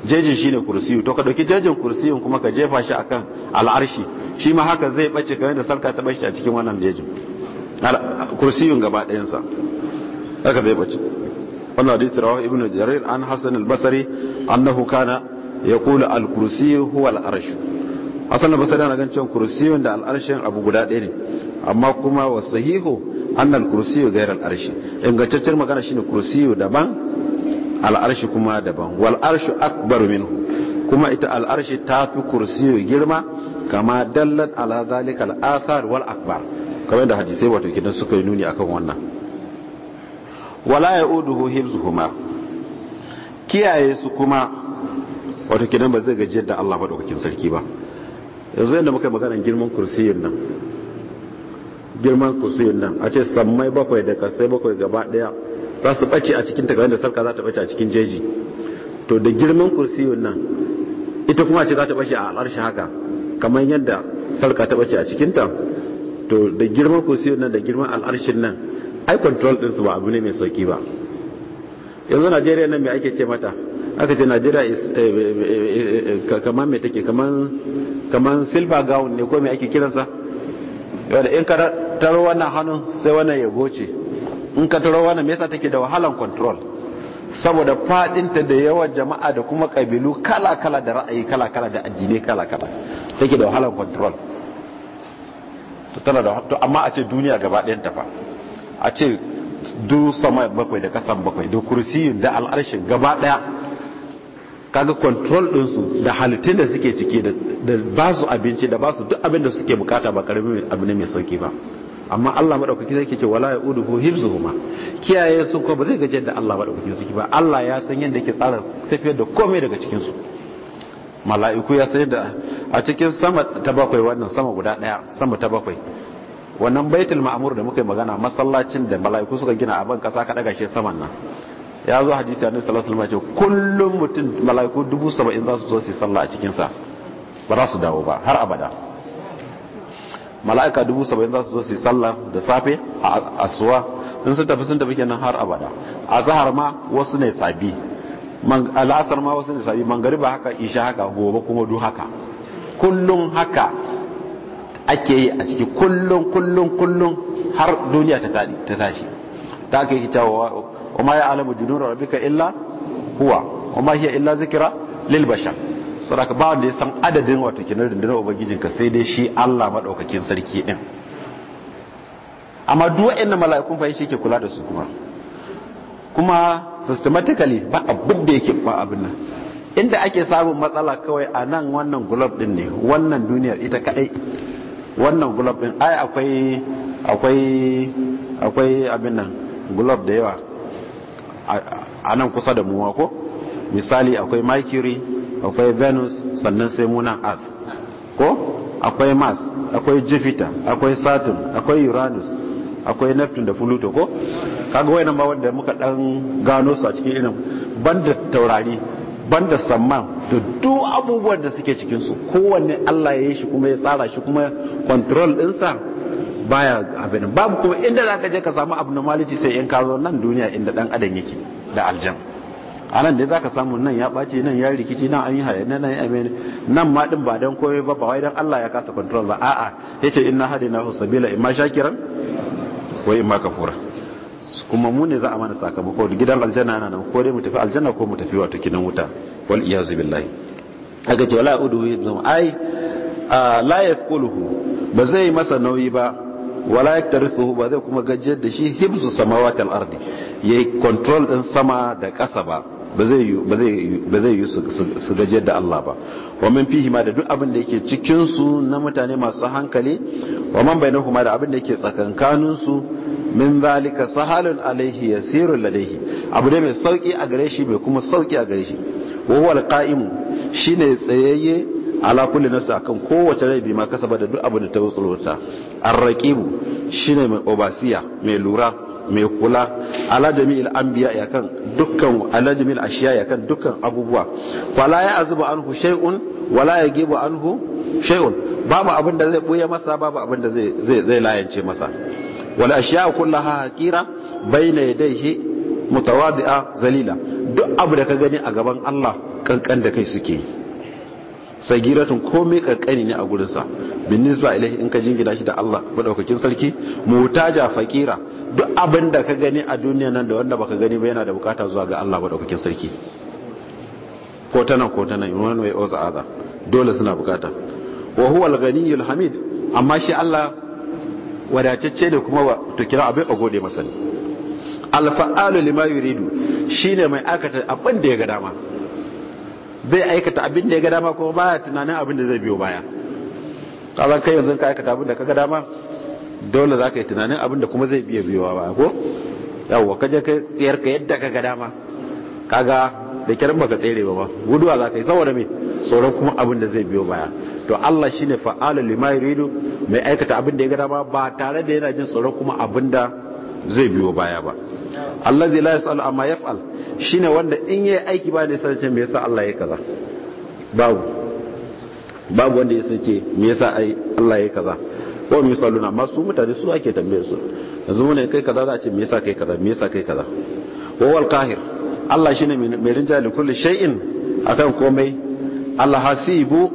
jejin shine kursiyu to ka dauki jejin kursiyun kuma ka jefa shi akan al'arshi shi ma haka zai bace kamar da sarka ta bace a cikin wannan jejin kursiyun gaba ɗayan sa haka zai bace wannan hadith rawahu ibnu jarir an hasan al-basri annahu kana yaqulu al-kursiyu huwa al-arshu hasan al-basri yana ganin cewa kursiyun da al-arshin abu guda ɗaya ne amma kuma wasahihu annal kursiyu gairar arshi ingantaccen magana shine kursiyu daban al'arshi kuma daban wal arshu akbar minhu kuma ita al'arshi ta fi kursiyu girma kama dallat ala zalika al'athar wal akbar kamar da hadisai wato kidan suka yi nuni akan wannan wala ya'uduhu hibzuhuma kiyaye su kuma wato kidan ba zai gajiyar da Allah madaukakin sarki ba yanzu yadda muka yi maganar girman kursiyin nan girman kursiyin nan a ce sammai bakwai da kasai bakwai gaba daya za su bace a cikin takardar da sarka za ta bace a cikin jeji to da girman kursiyin nan ita kuma ce za ta bace a al'arshi haka kamar yadda sarka ta bace a cikin ta to da girman kursiyin nan da girman al'arshin nan ai control din su ba abu ne mai sauki ba yanzu Najeriya nan me ake ce mata aka ce Najeriya eh, eh, eh, kamar me take kamar silver gown ne ko me ake kiransa yau da in ka taro wannan hannun sai wannan ya goce in ka taro wannan mesa take da wahalan control saboda fadinta da yawan jama'a da kuma kabilu kala-kala da ra'ayi kala-kala da addinai kala-kala take da wahalan control tana da to amma a ce duniya gaba ɗayan ta fa a ce du sama bakwai da kasan bakwai da kursiyin da al'arshin gaba ɗaya kaga control su da halittun da suke ciki da ba su abinci da ba su duk abin da suke bukata ba karami abu ne mai sauki ba amma Allah madaukaki zai ce wala hu hifzuhuma kiyaye su ko ba zai gaje da Allah madaukaki suke ba Allah ya san yadda yake tsara tafiyar da komai daga cikin su mala'iku ya san da a cikin sama ta bakwai wannan sama guda daya sama ta bakwai wannan baitul ma'mur da muka yi magana masallacin da mala'iku suka gina a ban kasa ka daga shi saman nan ya zo hadisi annabi sallallahu alaihi wasallam ce kullum mutum mala'iku dubu saba'in za su zo su yi sallah a cikin sa ba za su dawo ba har abada mala'ika dubu saba'in za su zo su yi sallah da safe a asuwa in sun tafi sun tafi kenan har abada a zahar ma wasu ne sabi al'asar ma wasu ne sabi mangariba haka isha haka gobe kuma du haka kullum haka ake yi a ciki kullum kullum kullum har duniya ta tashi ta ake yi wa ma ya'lamu junuda rabbika illa huwa wa ma hiya illa zikra ba wanda ya san adadin wato kinar rundunar ka sai dai shi Allah madaukakin sarki din amma duk waɗannan mala'ikun fa shi ke kula da su kuma kuma systematically ba abin da yake ba abin nan inda ake samun matsala kawai a nan wannan globe din ne wannan duniyar ita kadai wannan globe din ai akwai akwai akwai abin nan globe da yawa a nan kusa da muwa ko misali akwai mercury akwai venus sannan sai munan earth ko akwai mars akwai jupiter akwai saturn akwai uranus akwai neptune da pluto ko kaga wayannan ba wanda muka dan gano su a cikin irin banda taurari banda samman da duk abubuwan da suke cikin su kowanne Allah ya yi shi kuma ya tsara shi kuma control din sa. baya abin babu kuma inda zaka je ka samu abnormality sai in ka zo nan duniya inda dan adam yake da aljan anan dai zaka samu nan ya baci nan ya rikici nan an yi haya nan an yi amen nan ma din ba dan koyi ba ba wai dan Allah ya kasa control ba a'a yace inna hadina sabila imma shakiran wa imma kafura kuma mu ne za a mana sakamako gidan aljanna nan ko dai mu tafi aljanna ko mu tafi wato kinan wuta wal iyazu billahi aka ce wala udu zama ai la yasquluhu ba zai masa nauyi ba wala yaktarithu ba zai kuma gajiyar da shi hibzu samawati ardi yayi control din sama da kasa ba ba zai ba zai yi su gajiyar da Allah ba wa min fihi ma da duk abin da yake cikin su na mutane masu hankali wa man bainahuma da abin da yake tsakankanin su min zalika sahalun alaihi yasirun ladaihi abu ne mai sauki a gare shi mai kuma sauki a gare shi wa huwa alqaim shine tsayayye ala kulli nafsi akan kowace rai bi ma kasaba da duk abin da ta tsorota arraqibu shine mai obasiya mai lura mai kula ala jami'il anbiya yakan dukkan ala jami'il ashiya yakan dukkan abubuwa Wala ya azuba anhu shay'un wala ya gibu anhu shay'un babu abin da zai buya masa babu abin da zai zai zai layance masa wal ashiya kullaha hakira bayna yadayhi mutawadi'a zalila duk abu da ka gani a gaban Allah kankan da kai suke yi sagiratun komai kankani ne a gurinsa bin nisba ilahi in ka jingina shi da Allah madaukakin sarki mutaja fakira duk abin da ka gani a duniya nan da wanda baka gani ba yana da bukata zuwa ga Allah madaukakin sarki ko ta nan ko ta nan in wani way or dole suna bukata wa huwa al-ghaniyyul hamid amma shi Allah wadatacce ne kuma to kira abin a gode masa ne al-fa'alu lima yuridu shine mai akata abin da ya ga dama zai aikata abin da ya ga dama ko baya tunanin abin da zai biyo baya kaza kai yanzu ka aikata abin da ka ga dama dole za ka yi tunanin abin da kuma zai biyo biyowa baya ko yawwa kaje ka tsayar ka yadda ka ga dama kaga da kiran baka tsere ba guduwa za ka yi saboda me tsoron kuma abin da zai biyo baya to Allah shine fa'alul lima yuridu mai aikata abin da ya ga dama ba tare da yana jin tsoron kuma abin da zai biyo baya ba Allah zai la yas'al amma shi ne wanda in yi aiki ba ya sai me yasa Allah ya kaza babu babu wanda ya sace me yasa Allah ya kaza ko mi salluna amma su mutane su ake tambaye su yanzu mun kai kaza za a ce me yasa kai kaza me yasa kai kaza wawal kahir Allah shi ne mai rinja kulle kulli a kan komai Allah hasibu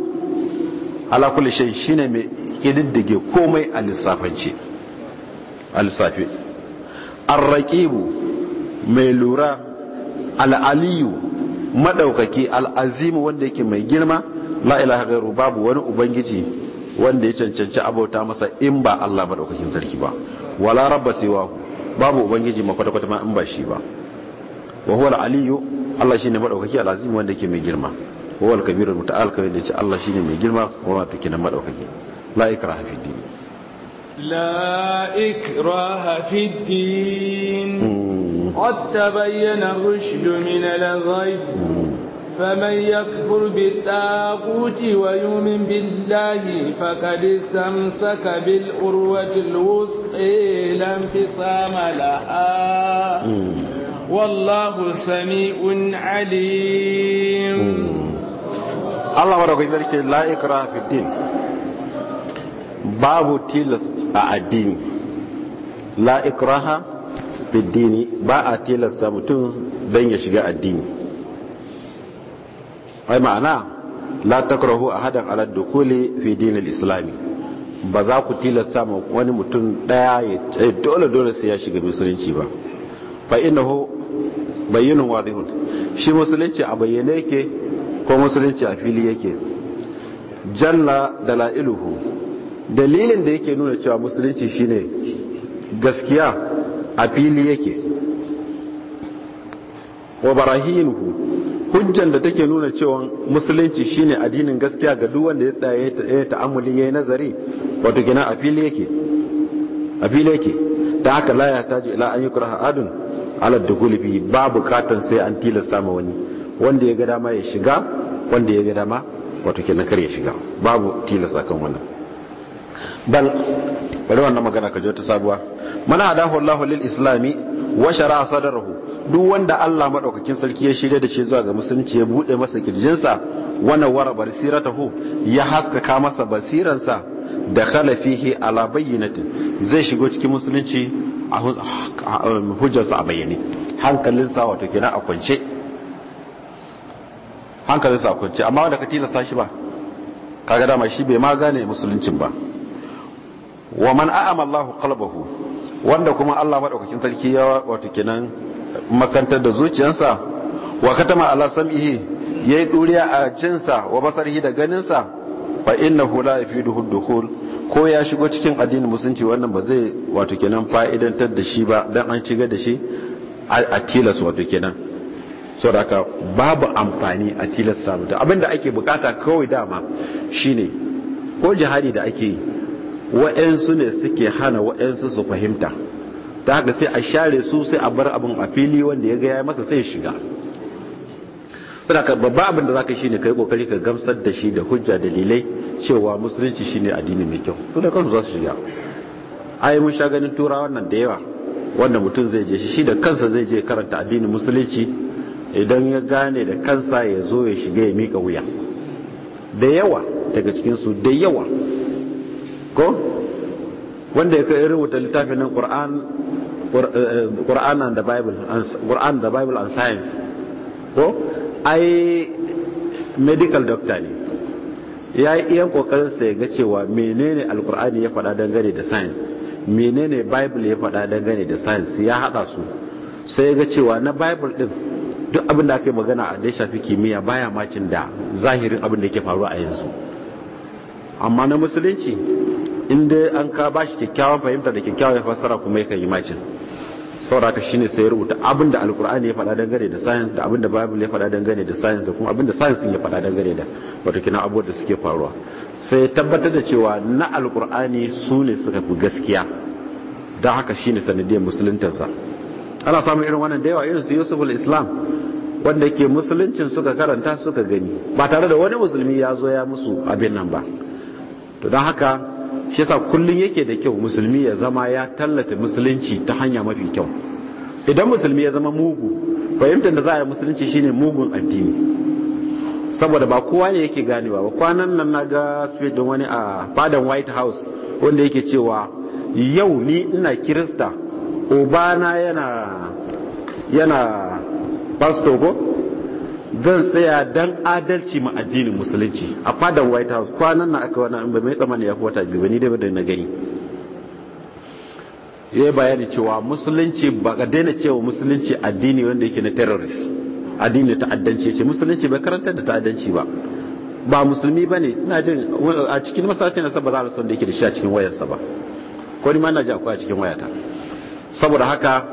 ala kulli shi ne mai kididdige komai a lissafance a lissafe arraqibu mai lura al'aliyu maɗaukaki al'azimu wanda yake mai girma la ilaha gairu babu wani ubangiji wanda ya cancanci abauta masa in ba Allah maɗaukakin sarki ba wala rabba siwa babu ubangiji ma kwata-kwata ma in ba shi ba wa huwa al’aliyu Allah ne maɗaukaki al'azimu wanda yake mai girma wa huwa al-kabir al-muta'al da ce Allah ne mai girma kuma mafi nan maɗaukaki la ikraha fi din la ikraha fi din hmm. قد تبين الرشد من الغي فمن يكفر بالتاغوت ويؤمن بالله فقد استمسك بالعروة الوثقى لا انفصام لها والله سميع عليم الله Allah maraukacin sarki la'ikira fiddin babu tilas a addini la'ikiraha fiddini ba a tilasta mutum don ya shiga addini ai ma'ana la takrahu ahadan ala dukuli fi dinil islami ba za ku tilasta ma wani mutum daya ya eh, dole dole sai ya shiga musulunci ba fa innahu bayyinun wadihun shi musulunci a bayyane yake ko musulunci a fili yake janna dala'iluhu dalilin da yake nuna cewa musulunci shine gaskiya a fili yake wa barahinuhu hujjan da take nuna cewa musulunci shine addinin gaskiya ga duk wanda ya tsaye ya ta'amuli yayin nazari wato gina a fili yake a fili yake ta haka la ya taji ila an yukraha adun ala dukuli bi babu bukatan sai an tilasta ma wani wanda ya ga dama ya shiga wanda ya ga dama wato kenan kar ya shiga babu tilasta kan wannan bal bari wannan magana ka ta sabuwa mana adahu Allahu lil islami wa shara'a sadarahu duk wanda Allah madaukakin sarki ya shirya da shi zuwa ga musulunci ya bude masa kirjinsa wannan wara basiratahu ya haskaka masa basiransa da khala fihi ala bayyinatin zai shigo cikin musulunci a um, hujjarsa a bayyane hankalinsa wato kenan a kwance hankalinsa a kwance amma wanda ka tilasta shi ba kaga dama shi bai ma gane musuluncin ba wa man a'ama Allahu qalbahu wanda kuma Allah madaukakin sarki ya wato kenan makantar da zuciyarsa wa katama ala sam'ihi yayi duriya a jinsa wa basarihi da ganinsa fa innahu la yafidu hudukul ko ya shigo cikin addinin musulunci wannan ba zai wato kenan fa'idantar da shi ba dan an shiga da shi a tilas wato kenan So haka babu amfani a tilas da abinda ake bukata kawai dama shine ko jihadi da ake yi wa'yansu ne suke hana wa'yansu su fahimta ta haka sai a share su sai a bar abin a fili wanda ya ga ya masa sai shiga babba abin da za zaka shine kai kokari ka gamsar da shi da hujja dalilai cewa musulunci shi ne addini mai kyau su da kansu za su shiga ai mun sha ganin turawan nan da yawa wanda mutum zai je shi da kansa zai je karanta addinin musulunci idan ya gane da kansa ya zo ya shiga ya mika wuya da yawa daga cikinsu da yawa ko wanda ya kai rubuta littafin nan Qur'an eh, Qur'an and the Bible Qur'an the Bible and Science ko ai medical doctor ne ya yi iyan kokarinsa ya ga cewa menene alkur'ani ya faɗa dangane da science menene bible ya faɗa dangane da science ya haɗa su sai ya ga cewa na bible ɗin duk abin da aka yi magana a da shafi kimiyya baya macin da zahirin abin da ke faruwa a yanzu amma na musulunci Inda an ka bashi kyakkyawan fahimta da kyakkyawan fassara kuma yakan yi macin sauraka shine sai rubuta abin da alkur'ani ya faɗa dangane da science da abin da bible ya faɗa dangane da science da kuma abin da science ya faɗa dangane da wato kina abubuwa da suke faruwa sai tabbatar da cewa na alkur'ani su ne suka fi gaskiya don haka shine sanadiyar musuluntansa ana samun irin wannan da yawa irin su yusuf islam wanda ke musuluncin suka karanta suka gani ba tare da wani musulmi ya zo ya musu abin nan ba to don haka shi yasa kullun yake da kyau musulmi ya zama ya tallata musulunci ta hanya mafi kyau idan musulmi ya zama mugu fahimtar da za a yi musulunci shi ne mugun addini saboda ba kowa ne yake ganewa ba kwanan nan na ga speed din wani a fadan white house wanda yake cewa yau ni ina kirista obana yana yana pastor ko zan tsaya dan adalci ma addinin musulunci a fadar white house kwanan na aka wani mai tsamani ya kuwa tabi ba ni dai da na gani ya yi bayani cewa musulunci ba ka daina cewa musulunci addini wanda yake na terrorist addini ta'addanci ce musulunci bai karantar da ta'addanci ba ba musulmi ba ne ina jin a cikin masarautar na ba za a son da yake da shi a cikin wayarsa ba ko ni ma na ji akwai a cikin wayata saboda haka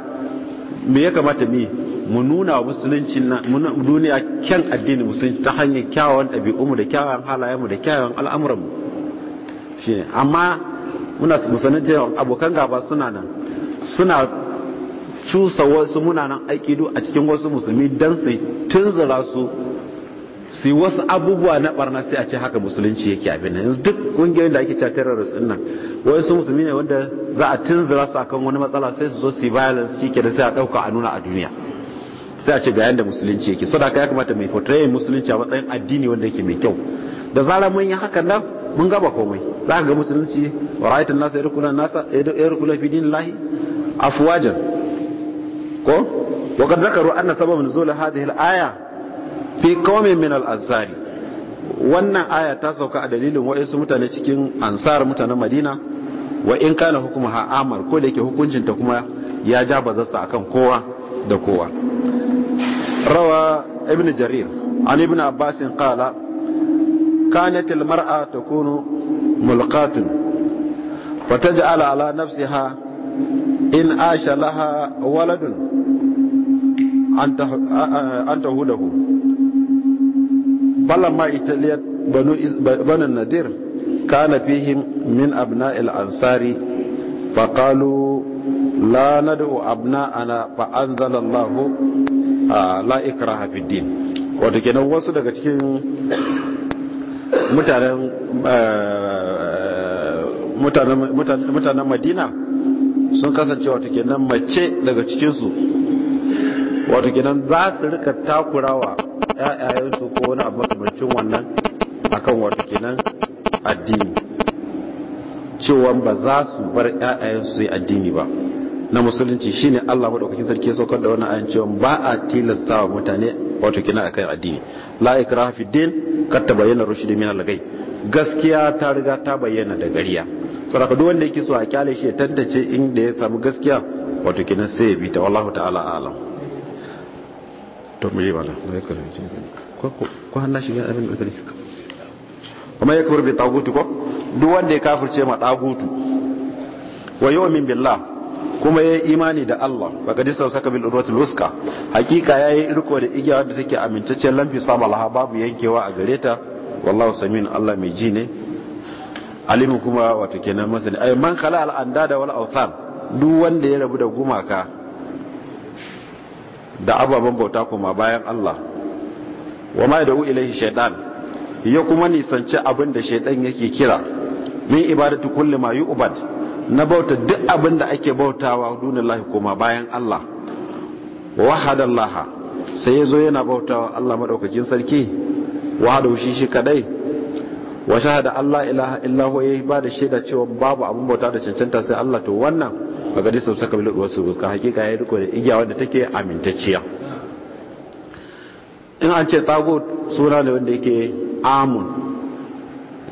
me ya kamata mi mu nuna musulunci duniya kyan addinin musulunci ta hanyar kyawawan ɗabi'unmu da kyawawan halayenmu da kyawawan al'amuranmu shi ne amma muna musulunci abokan gaba suna nan suna cusa wasu munanan aikidu a cikin wasu musulmi don su tunzura su su wasu abubuwa na barna sai a ce haka musulunci yake abin nan yanzu duk kungiyoyin da ake cewa terrorist din nan wai su musulmi ne wanda za a tunzura su akan wani matsala sai su zo su yi violence shi da sai a ɗauka a nuna a duniya sai a ce ga yanda musulunci yake so da ya kamata mai portrayal musulunci a matsayin addini wanda yake mai kyau da zarar mun yi hakan nan mun gaba komai za ka ga musulunci wa ra'aytun nasa yarkuna nasa yarkuna fi dinillahi afwajan ko wa qad zakaru anna sabab nuzul hadhihi al-aya fi qaumin min al-ansari wannan aya ta sauka a dalilin wa'insu mutane cikin ansar mutanen madina wa in kana hukuma ha'amar ko da yake hukuncinta kuma ya ja bazarsa akan kowa da kowa rawa ibn jarir an ibn abbas qala kanat al mar'a takunu mulqatun wa taj'al ala nafsiha in asha laha waladun an tahudahu balamma italiyat banu nadir kana fihim min abna'il ansari فقالوا لا ندعو أبناءنا فأنزل الله لا إكراه في الدين wato kenan wasu daga cikin mutanen mutanen madina sun kasance wato kenan mace daga cikinsu wato kenan za su rika takurawa ‘ya'yayensu ko wani abu makamancin wannan akan wato kenan addini cewa ba za su bar ƴaƴayen su yi addini ba na musulunci shine Allah madaukakin sarki ya saukar da wannan ayan cewa ba a tilasta wa mutane wato kina akan addini la ikraha fi din kad tabayyana rushd min al-ghayb gaskiya ta riga ta bayyana da gariya saboda duk wanda yake so a kyale shi ya tantance inda ya samu gaskiya wato kina sai ya bita ta wallahu ta'ala a'lam to mu yi wala ko ko hanna ga abin da kake kuma ya yakfur bi tagutu ko duk wanda ya kafirce ma tagutu wa yu'min billah kuma yi imani da Allah wa qad saka bil urwatil wuska hakika yayi irko da igiya da take amintacce lamfi sama laha babu yankewa a gare ta wallahu samin Allah mai ji ne alimin kuma wato kenan masani ay man khala al andada wal awthan duk wanda ya rabu da gumaka da ababen bauta kuma bayan Allah wa ma da'u ilaihi shaytan ya kuma nisanci abin da shaidan yake kira min ibadatu kulli ma yu'bad na bauta duk abin da ake bautawa dunillahi kuma bayan Allah wahadallaha sai yazo yana bautawa Allah madaukakin sarki wahada shi shi kadai wa shahada Allah ilaha illa huwa ba da shaida cewa babu abin bauta da cancanta sai Allah to wannan daga disu saka bil wasu ka hakika ya riko da igiya wanda take amintacciya in an ce tagut suna ne wanda yake amun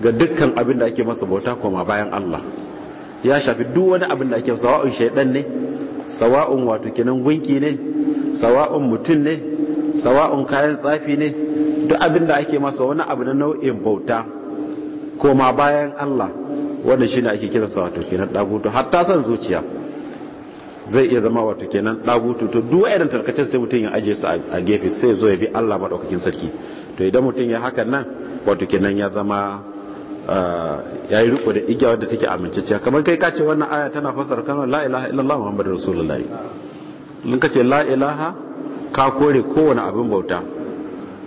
ga dukkan abin da ake masa bauta koma bayan Allah ya shafi duk wani abin da ake sawa'un shaidan ne sawa'un wato kenan gunki ne sawa'un mutum ne sawa'un kayan tsafi ne duk abin da ake masa wani abu na nau'in bauta koma bayan Allah wannan shine ake kiransa wato kenan dagutu hatta san zuciya zai iya zama wato kenan dagutu to duk wayannan tarkacin sai mutum ya aje su a gefe sai zo ya bi Allah madaukakin sarki to idan mutum ya hakan nan wato kenan ya zama ah, ya yi riko da igiya wadda take aminciciya kamar kai kace wannan aya tana fasar kanon la ilaha illallah muhammadu rasulullahi in ka ce la ilaha ka kore kowane abin bauta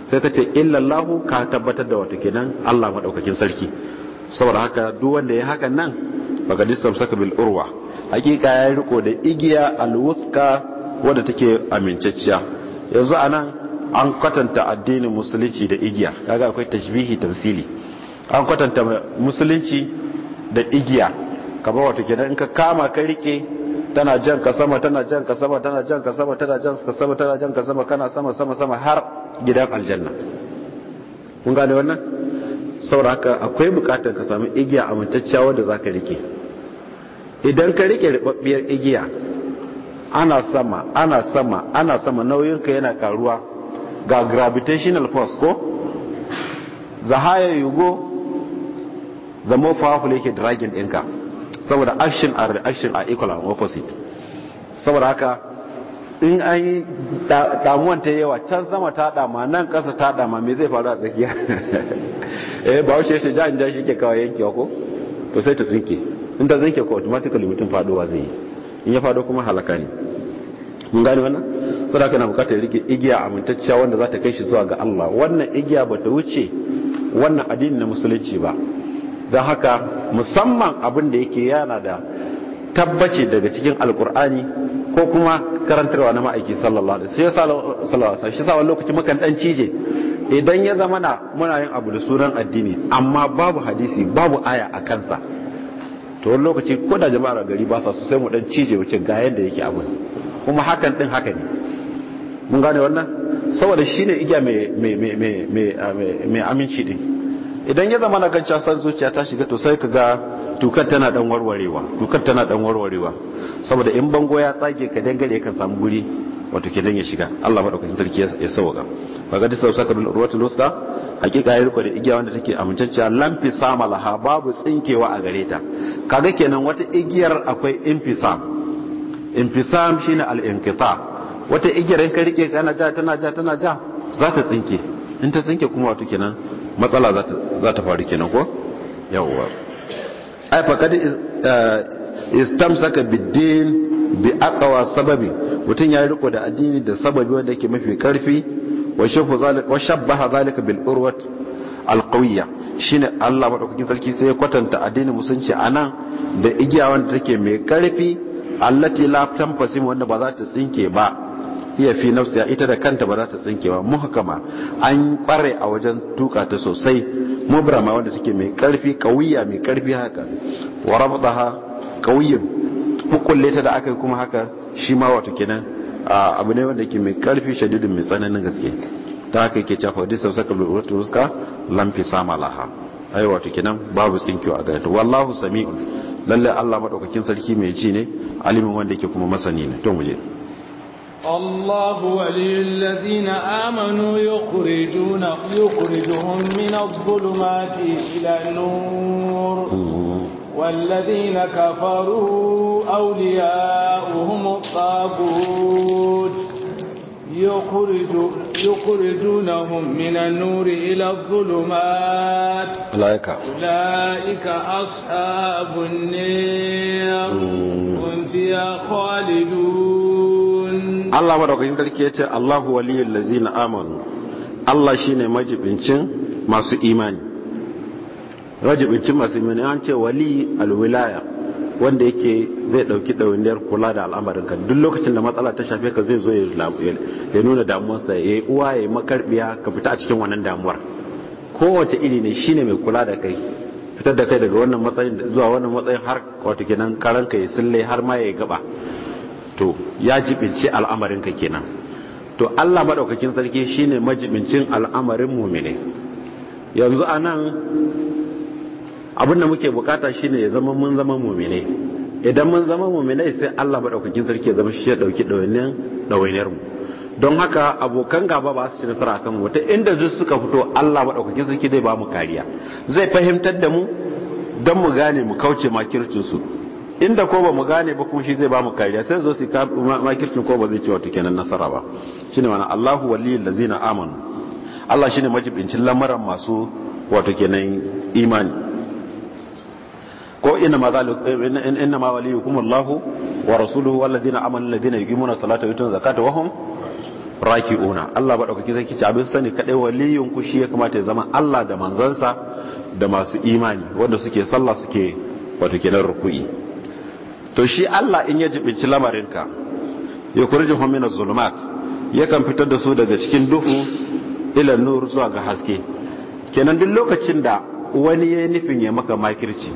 sai ka ce illallahu ka tabbatar da wato kenan allah madaukakin sarki saboda haka duk wanda ya hakan nan baka distam saka bil urwa hakika ya yi riko da igiya alwuska wadda take aminciciya yanzu anan an kwatanta addinin musulunci da igiya kaga akwai tashbihi tamsili an kwatanta musulunci da igiya kamar wato kenan in ka kama ka rike tana jan ka sama tana jan ka sama tana jan ka sama tana jan ka sama tana jan ka sama kana sama sama sama har gidan aljanna kun gane wannan saboda haka akwai bukatar ka samu igiya amintacciya wanda zaka rike idan ka rike ribabbiyar igiya ana sama ana sama ana sama nauyinka yana karuwa ga gravitational force ko the higher you go the more powerful yake dragon ɗinka saboda action and reaction are equal and opposite saboda haka in an yi damuwan ta yawa can sama ta dama nan kasa ta dama mai zai faru a tsakiya eh ba wuce shi jan jan shi ke kawai yanki ko to sai ta tsinke in ta tsinke ko automatically mutum faduwa zai yi in ya fado kuma halaka ne mun gane wannan sadaka kana bukatar rike igiya amintacciya wanda za ta kai shi zuwa ga Allah wannan igiya ba ta wuce wannan addini na musulunci ba don haka musamman abin da yake yana da tabbaci daga cikin alkur'ani ko kuma karantarwa na ma'aiki sallallahu alaihi wasallam shi sa wani lokaci mukan dan cije idan ya zama na muna yin abu da sunan addini amma babu hadisi babu aya a kansa to wani lokaci ko da jama'ar gari ba sa su sai mu dan cije wuce ga yadda yake abu kuma hakan din haka ne mun gane wannan saboda shine igiya ah, mai aminci din idan ya zama na kan casar zuciya ta shiga to sai ka ga tukar tana dan warwarewa tukar tana dan warwarewa saboda in bango ya tsage ka dangare kan samu guri wato ke ya shiga Allah madaukakin sarki ya sauka ba ga disa saka bil urwatul hakika ya riko da igiya wanda take amincacciya lamfi sama laha babu tsinkewa a gare ta kaga kenan wata igiyar akwai infisam infisam shine al-inqita wata igiyar ka rike kana ja tana ja tana ja za ta tsinke in ta tsinke kuma wato kenan matsala za ta faru kenan ko yawwa ai faqad eh, istamsaka bid bi aqwa sababi mutun ya riko da addini da sababi wanda yake mafi karfi wa shafu zalika wa shabbaha zalika bil urwat qawiyya shine Allah madaukakin sarki sai ya kwatanta addinin musulunci anan da igiya wanda take mai karfi allati la tanfasim wanda ba za ta tsinke ba hiya fi nafsiya ita da kanta ba za ta tsinke ba mu muhkama an kware a wajen tuka ta sosai mu mubrama wanda take mai karfi kawiya mai karfi haka wa rabdaha kawiyin hukulle ta da aka yi kuma haka shi ma wato kenan abu ne wanda yake mai karfi shadidin mai tsananin gaske ta haka yake cewa hadis sau saka lurwatu ruska lamfi sama laha ai wato kenan babu sinkiwa a gare ta wallahu sami'un lalle Allah madaukakin sarki mai ji ne alimin wanda yake kuma masani ne to mu je الله ولي الذين آمنوا يخرجون يخرجهم من الظلمات إلى النور والذين كفروا أولياؤهم الطاغوت يخرجونهم من النور إلى الظلمات أولئك أولئك أصحاب النار هم فيها خالدون Allah madaukakin sarki ya ce Allahu waliyul ladzina amanu Allah shine majibincin masu imani majibincin masu imani an ce wali alwilaya wanda yake zai dauki dawainiyar kula da al'amarinka duk lokacin da matsala ta shafe ka zai zo ya nuna damuwarsa ya yi uwa ya yi makarbiya ka fita a cikin wannan damuwar kowace iri ne shine mai kula da kai fitar da kai daga wannan matsayin zuwa wannan matsayin har wata kenan karanka ya sille har ma ya gaba to ya jibinci al'amarin ka kenan to Allah madaukakin sarki shine majibincin al'amarin mumine yanzu anan abin da muke bukata shine ya zama mun zama mumine idan mun zama mumine sai Allah madaukakin sarki ya zama shi ya dauki dawainiyar mu don haka abokan gaba ba su ci nasara a mu ta inda duk suka fito Allah madaukakin sarki zai ba mu kariya zai fahimtar da mu don mu gane mu kauce makircin su inda ko ba mu gane ba kuma shi zai ba mu kariya sai zo su makircin ko ba zai ce wata kenan nasara ba shine ma'ana Allahu waliyul ladzina amanu Allah shine majibincin lamarin masu wato kenan imani ko inna ma zalika inna ma waliyukum Allahu wa rasuluhu wal ladzina amanu ladzina yuqimuna salata wa yutuna zakata wa hum raki'una Allah madaukaki zai kici abin sani kadai waliyun ku shi ya kamata ya zama Allah da manzansa da masu imani wanda suke sallah suke wato kenan ruku'i to shi Allah in ya jibinci lamarinka ya kurjuhum min zulmat ya kan fitar da su daga cikin duhu ila nur zuwa ga haske kenan duk lokacin da wani ya nufin ya maka makirci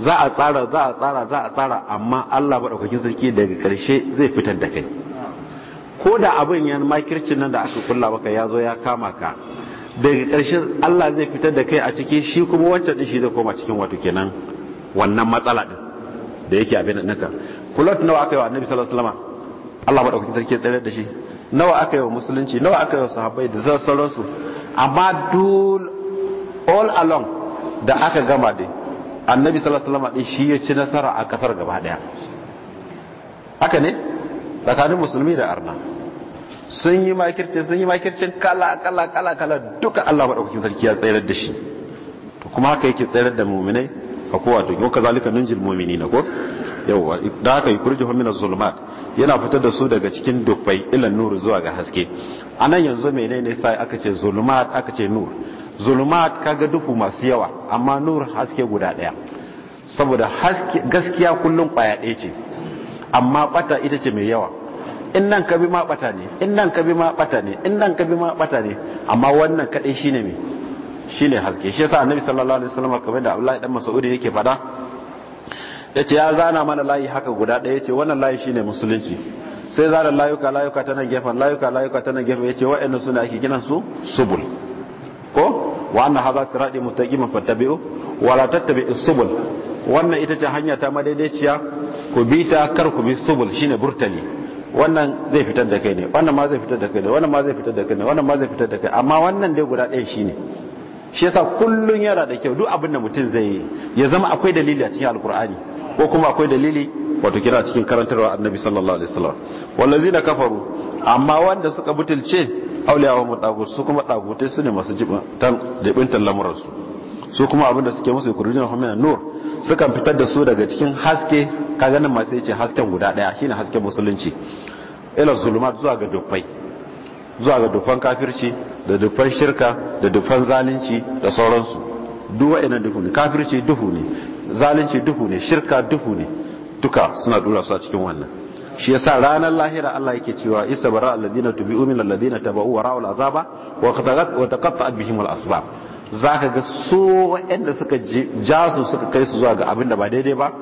za a tsara za a tsara za a tsara amma Allah ba daukakin sarki daga karshe zai fitar da kai ko da abin yan makircin nan da aka kulla maka ya zo ya kama ka daga karshe Allah zai fitar da kai a ciki shi kuma wancan din shi zai koma cikin wato kenan wannan matsala din da yake abin nan ka plot nawa aka yi wa annabi sallallahu alaihi wasallam Allah madaukakin sarki tsare da shi nawa aka yi wa musulunci nawa aka yi wa sahabbai da su amma dul all along da aka gama dai annabi sallallahu alaihi wasallam shi ya ci nasara a kasar gaba daya haka ne tsakanin musulmi da arna sun yi makircin sun yi makircin kala kala kala kala duka Allah madaukakin sarki ya tsayar da shi to kuma haka yake tsayar da mu'minai a kowa to yau kazalika nunjil na ko yawa da haka yi kurji homina zulmat yana fitar da su daga cikin dubbai ilan nur zuwa ga haske anan yanzu menene sai aka ce zulmat aka ce nur zulumat kaga duhu masu yawa amma nur haske guda daya saboda gaskiya kullum kwaya daya ce amma bata ita ce mai yawa in nan ka bi ma bata ne in nan ka bi ma bata ne in nan ka bi ma bata ne amma wannan kaɗai shine mai Shi ne haske shi yasa annabi sallallahu alaihi wasallam kamar da Abdullahi dan Mas'ud yake fada yace ya zana mana layi haka guda daya yace wannan layi shine musulunci sai zana layuka layuka tana nan gefen layuka layuka tana gefe yace yace wa'annan suna ake kiran su subul ko wa anna hadha sirati mustaqiman fattabi'u wa la tattabi'us subul wannan ita ce hanya ta madaidaiciya ku bi ta kar ku bi subul shine burtali wannan zai fitar da kai ne wannan ma zai fitar da kai ne wannan ma zai fitar da kai ne wannan ma zai fitar da kai amma wannan dai guda ɗaya shine shi yasa kullun yana da kyau duk abin da mutum zai yi ya zama akwai dalili a cikin alkur'ani ko kuma akwai dalili wato kira cikin karantarwa annabi sallallahu alaihi wasallam wallazina kafaru amma wanda suka butulce auliyawa mu dagu su kuma dagutai su ne masu jibin tallamuran su su kuma abinda suke musu yukurujin hamin nur sukan fitar da su daga cikin haske ka ganin masu yace hasken guda daya shine hasken musulunci ila zulumat zuwa ga dubbai zuwa ga dufan kafirci da dufan shirka da dufan zalunci da sauransu Duwa ina duhu ne kafirci duhu ne zalunci duhu ne shirka duhu ne duka suna dura su a cikin wannan shi yasa ranar lahira Allah yake cewa istabara alladhina tubi'u min alladhina tabawu wa ra'ul azaba wa taqatta'at bihim al asbab za ka ga so waɗanda suka ja su suka kai su zuwa ga abin da ba daidai ba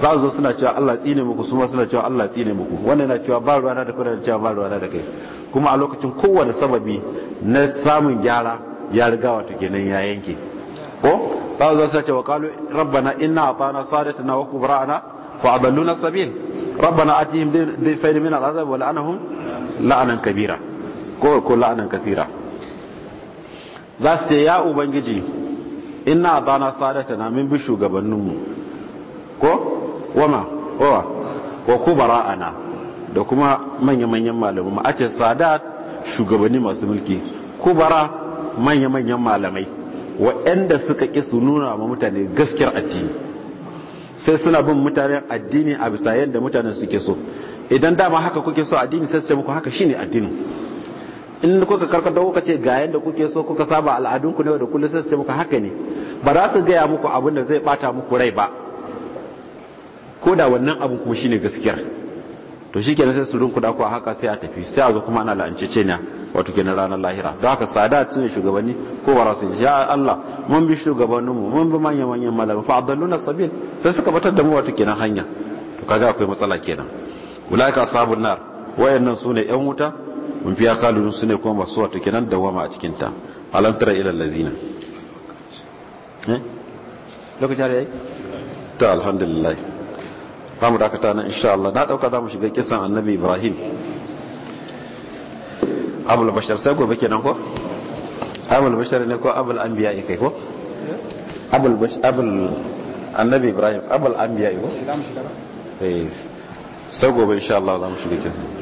za su zo suna cewa Allah tsine muku su ma suna cewa Allah tsine muku wannan na cewa ba ruwana da kuna cewa ba ruwana da kai kuma a lokacin kowane sababi na samun gyara ya riga wato kenan ya yanke ko za su zo suna cewa kalu rabbana inna atana na wa kubra'ana fa adalluna sabil rabbana atihim dayfayn min al'azab wa la'anahum la'anan kabira ko ko la'anan kathira za su ce ya ubangiji ina na sadata na min bi shugabanninmu ko wama wawa wa kubara ana da kuma manya-manyan malamai a ce sadat shugabanni masu mulki kubara manya-manyan malamai waɗanda suka ƙi su nuna wa mutane gaskiyar addini sai suna bin mutanen addini a bisa yadda mutane suke so idan dama haka kuke so addini sai su ce muku haka shine addinin in kuka karkata kuka ce ga yadda kuke so kuka saba al'adunku ne da kullum sai su ce muka haka ne ba za su gaya muku abin da zai bata muku rai ba ko da wannan abin kuma shine gaskiyar to shi kenan sai su rinku da ku haka sai a tafi sai a zo kuma ana la'ancece ne wato kenan ranar lahira da haka sada su ne shugabanni ko ba su ya Allah mun bi shugabanninmu mun bi manyan manyan malamai fa adalluna sabil sai suka batar da mu wato kenan hanya to kaga akwai matsala kenan ulaika ashabun nar wayannan sune yan wuta mun fiya kalurun su ne kuma masu wata kenan dawama a cikinta ta tara ila allazina eh? lokacin da yayi ta alhamdulillah ta mu dakata na insha Allah na dauka za mu shiga kisan annabi Ibrahim abul bashar sai gobe kenan ko abul bashar ne ko abul anbiya kai ko abul abul annabi Ibrahim abul anbiya ko eh, sai gobe insha Allah za mu shiga kisan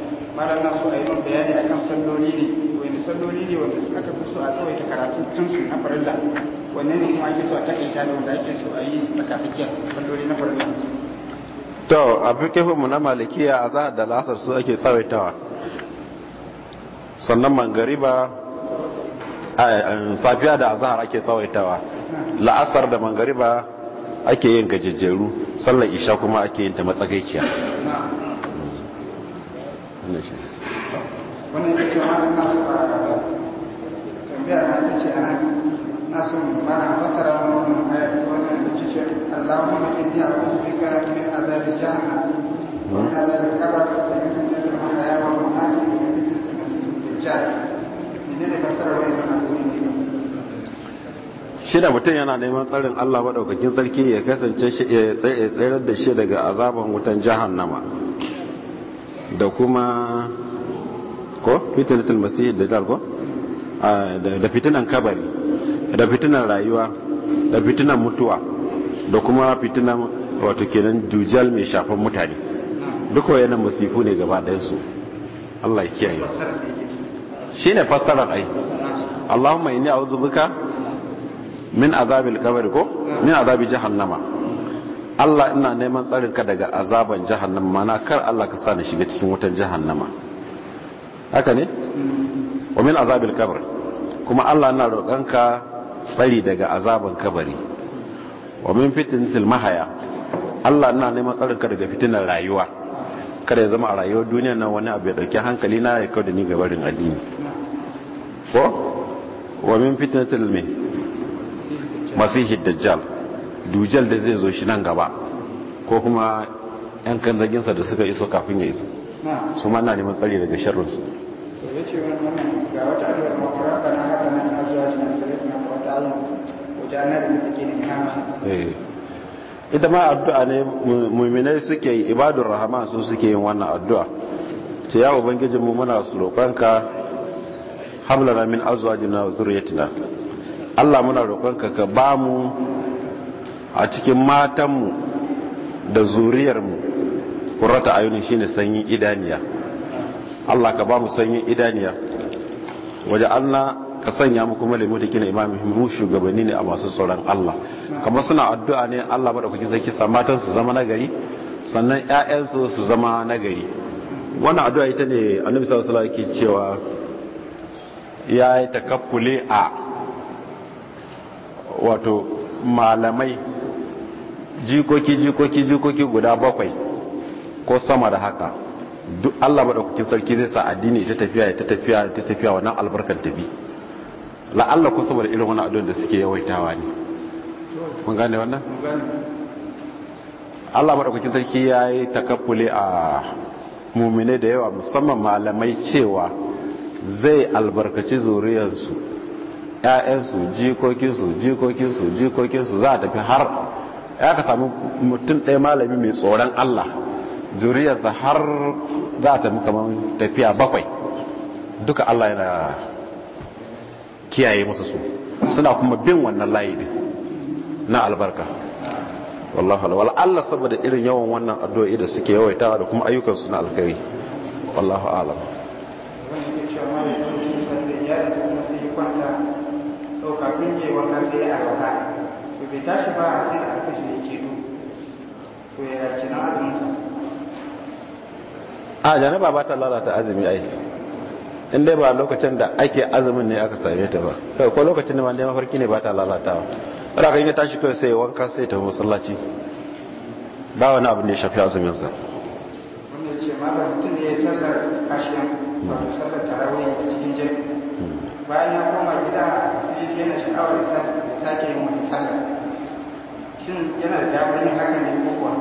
malam na so a yi min bayani akan salloli ne wani salloli ne wanda aka fi so a tsawaita karatun tun su na farilla wanne ne kuma ake so a takaita da wanda ake so a yi tsakafakiyar salloli na farilla to a fikihun mu na malikiya a za da lasar su ake tsawaitawa sannan mangariba safiya da azahar ake tsawaitawa la'asar da mangariba ake yin gajejjeru sallar isha kuma ake yin ta matsakaiciya na shi wannan da ke malam nasu a tambaya na ita ce ana nasu mana fasara wani wannan ayat wannan kishir Allahumma inni a'udhu bika min azabi jahannam wa min azabi qabr wa min fitnatil mahya wa da wa da fitnatil dajjal menene fasara wannan ayoyin shida mutum yana neman tsarin Allah maɗaukakin sarki ya kasance ya tsayar da shi daga azaban wutan jahannama da kuma ko fitnatul masih jihar ko da fitinan kabari da fitinan rayuwa da fitinan mutuwa da kuma fitinan wato kenan dujal mai shafan mutane duk wayannan masifu ne gaba ɗayan su Allah ya kiyaye shine fassarar ai Allahumma inni a'udhu bika min azabil qabri ko min azabi jahannama Allah ina neman tsarin ka daga azaban jahannama mana kar Allah ka sa ni shiga cikin wutar jahannama haka ne wa min azabil kabr kuma Allah ina roƙon ka tsari daga azaban kabari wa min fitnatil mahaya Allah ina neman tsarin ka daga fitinar rayuwa kada ya zama a rayuwar duniya nan wani abu ya dauki hankali na ya kawo da ni gabarin addini ko wa min fitnatil masihid dajjal dujal da zai zo shi nan gaba ko kuma yan kan zaginsa da suka iso kafin ya iso su ma na neman tsari daga sharrin su ga wata nan da kama eh. ita ma addu'a ne muminai suke yi ibadun rahama su suke yin wannan addu'a ta ya ubangijin mu muna su roƙonka hamlana min azuwa jina zuriyatina Allah muna roƙonka ka ba mu a cikin matanmu da zuriyarmu kurata ayunin shine sanyin idaniya Allah ka ba mu sanyin idaniya waje Allah ka sanya mu kuma limu dikina imami mu shugabanni ne a masu tsoron Allah kamar suna addu'a ne Allah madaukakin sarki kisa. matan su zama nagari sannan 'ya'yansu su zama nagari wannan addu'a ita ne annabi sallallahu alaihi wasallam cewa ya yi takakkule a wato malamai jikoki jikoki jikoki guda bakwai ko sama da haka duk Allah madaukakin sarki zai sa addini ta tafiya ta tafiya ta tafiya wannan albarkar ta bi la'alla ko saboda irin wannan adon da suke yawaitawa ne mun gane wannan Allah madaukakin sarki ya yi takaffule a mumine da yawa musamman malamai cewa zai albarkaci zuriyarsu ‘ya'yansu jikokinsu jikokinsu jikokinsu za a tafi har ya ka samu mutum ɗaya malami mai tsoron Allah zuriyarsa har za ta kamar tafiya bakwai duka Allah yana kiyaye musu su suna kuma bin wannan layi ne na albarka wallahu ala Allah saboda irin yawan wannan addu'o'i da suke yawaitawa da kuma ayyukan su na alkhairi wallahu alam kafin yi wanka sai a tashi ba sai da alfajir ya yake to to ya kina azumin sa a janaba ba ta lalata azumi ai in dai ba lokacin da ake azumin ne aka same ta ba ko lokacin da ma dai mafarki ne ba ta lalatawa ra kan ya tashi kawai sai wanka sai ta musallaci ba wani abu ne ya shafi azuminsa. Wanda ya ce malam mutum ne ya sallar ashiyan wato sallar tarawih a cikin jami'i hmm. bayan ya koma gida sai yake yana sha'awar ya sake yin wata sallar shin yana da damar yin hakan ne ko kuwa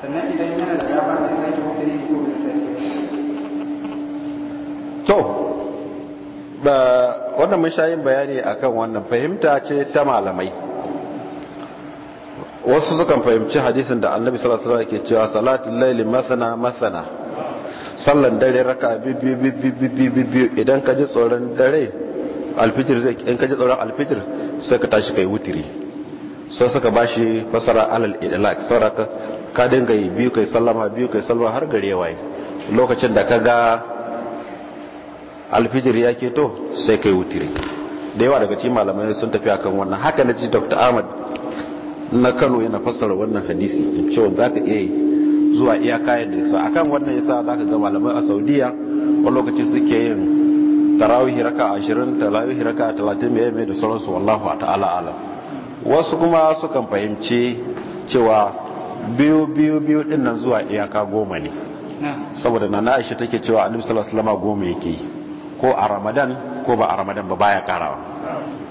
sannan idan yana da dama zai sake hutari ne ko bai sake to ba wannan mun shayin bayani akan wannan fahimta ce ta malamai wasu sukan fahimci hadisin da annabi sallallahu alaihi wasallam yake cewa salatul layli masana masana sallan dare raka bi bi bi bi bi bi bi idan ka ji tsoron dare alfitir zai in ka ji tsoron alfitir sai ka tashi kai wutiri sai suka bashi fasara alal idlaq saraka ka dinga yi biyu kai sallama biyu kai sallama har gare waye lokacin da ka ga alfijir ya keto sai kai wutiri da yawa daga cikin malamai sun tafi akan wannan haka na ji dr ahmad na kano yana fasara wannan hadisi cewa za ka iya zuwa iyaka yadda sa akan wannan yasa za ka ga malamai a saudiya wani lokaci suke yin tarawih raka 20 tarawih raka 30 mai da sauransu wallahu ta'ala alam wasu kuma sukan fahimci cewa biyu biyu biyu din nan zuwa iyaka goma ne saboda na aisha take cewa annabi sallallahu alaihi goma yake ko a ramadan ko ba a ramadan ba baya karawa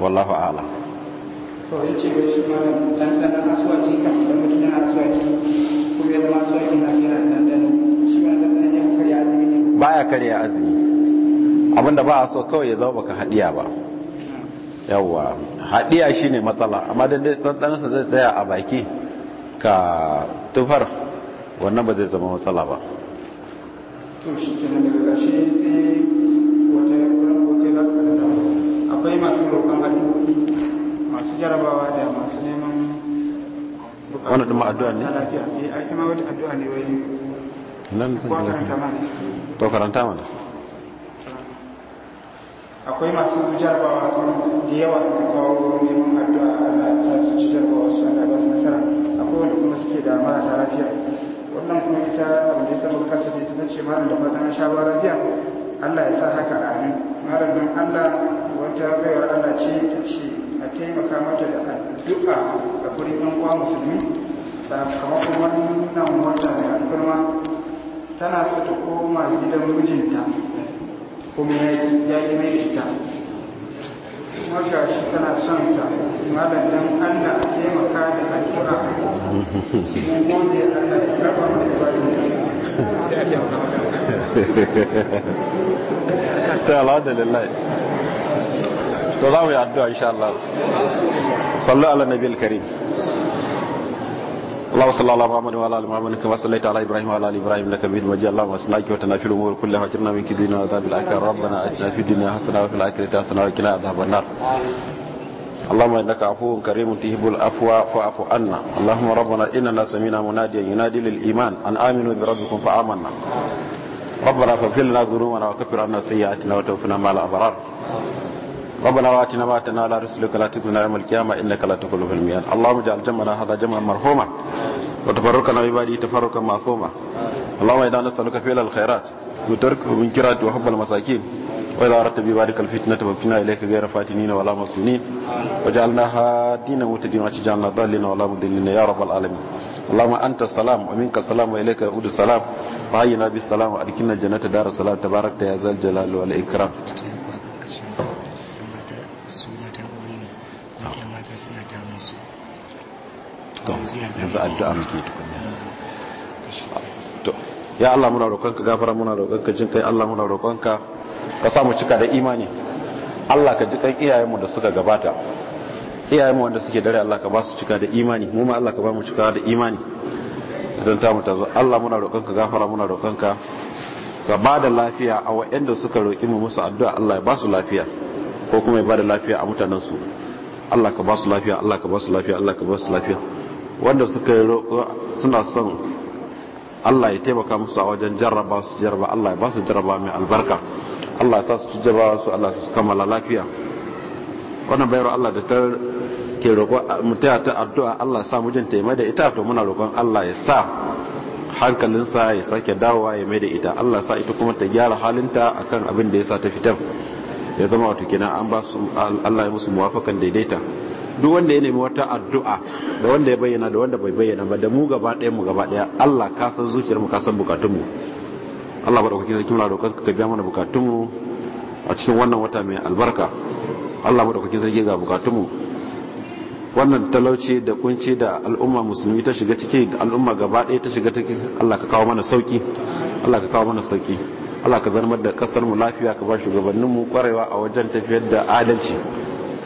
wallahu ala. mutum yana na shi ya baya karya azumi abinda ba a so kawai ya zama baka hadiya ba yawwa haɗiya shi ne matsala amma da ɗanɗansa zai tsaya a baki ka tufar wannan ba zai zama matsala ba addu'a ne? lafiya ne eh, ma wata addu'a ne wai ko karanta mana akwai masu jarbawa sun da yawa da kawo neman addu'a Allah ya sa su ci jarbawa su Allah ba su nasara akwai wanda kuma suke da marasa lafiya wannan kuma ita wanda ya saba kansa sai ta ce malam da fatan sha ba lafiya Allah ya sa haka amin malam don Allah wata baiwar Allah ce ta ce a taimaka mata da addu'a a gurin yan uwa musulmi sakamakon wannan wata da alfarma tana so ta koma gidan mijinta ومن يجد من يشتع وشا شكنا شمسا مالا لم أن أقيم كان أجرع من قول لي أن أجرب من الظالمين تعالى هذا لله تلاوي الدعاء إن شاء الله صلى على النبي الكريم اللهم صل على محمد وعلى ال محمد كما صليت على ابراهيم وعلى ال ابراهيم انك حميد مجيد اللهم اصلح وتنا في الامور كلها واجرنا من كيدنا وعذاب الاخره ربنا اتنا في الدنيا حسنه وفي الاخره حسنه وقنا عذاب النار اللهم انك عفو كريم تهب العفو فاعف عنا اللهم ربنا اننا سمينا مناديا ينادي للايمان ان امنوا بربكم فامنا ربنا فاغفر لنا ذنوبنا وكفر عنا سيئاتنا وتوفنا مع الابرار ربنا واتنا ما اتنا على رسلك لا تخزنا يوم القيامه انك لا تخلف الميعاد اللهم اجعل جمعنا هذا جمعا مرحوما وتفرقنا عبادي تفرقا معصوما اللهم انا نسالك فعل الخيرات وترك المنكرات وحب المساكين واذا اردت ببارك الفتنه وابتنا اليك غير فاتنين ولا مفتونين وجعلنا هادين مهتدين واجعلنا ضالين ولا مضلين يا رب العالمين اللهم انت السلام ومنك السلام واليك يعود السلام وحينا بالسلام وادخلنا الجنه دار السلام تبارك يا ذا الجلال والاكرام to yanzu addu'a muke tukunya to ya Allah muna roƙonka gafara muna roƙonka jin kai Allah muna roƙonka ka samu cika da imani Allah ka ji kan iyayenmu da suka gabata iyayenmu wanda suke dare Allah ka ba su cika da imani mu ma Allah ka ba mu cika da imani don ta mutu Allah muna roƙonka gafara muna roƙonka ka ba da lafiya a waɗanda suka roƙi mu musu addu'a Allah ya ba su lafiya ko kuma ya ba da lafiya a mutanensu Allah ka ba su lafiya Allah ka ba su lafiya Allah ka ba su lafiya wanda suka yi roƙo suna son Allah ya taimaka musu a wajen jarraba su jarraba Allah ya ba su jarraba mai albarka Allah ya sa su jarraba su Allah su kammala lafiya wannan bayar Allah da ta ke roƙo mutaya ta addu'a Allah ya sa mujin ta mai da ita to muna roƙon Allah ya sa hankalinsa ya sake dawowa ya mai da ita Allah ya sa ita kuma ta gyara halinta akan abin da ya sa ta fitar ya zama wato kenan an ba su Allah ya musu muwafakan daidaita duk wanda ya nemi wata addu'a da wanda ya bayyana da wanda bai bayyana ba da mu gaba ɗaya mu gaba ɗaya Allah ka san zuciyar mu ka san bukatun mu Allah madaukaki zaki muna roƙon ka biya mana bukatun mu a cikin wannan wata mai albarka Allah madaukaki zaki ga bukatun mu wannan talauci da kunci da al'umma musulmi ta shiga ciki al'umma gaba ɗaya ta shiga ciki Allah ka kawo mana sauki Allah ka kawo mana sauki Allah ka zarmar da kasar mu lafiya ka ba shugabannin mu kwarewa a wajen tafiyar da adalci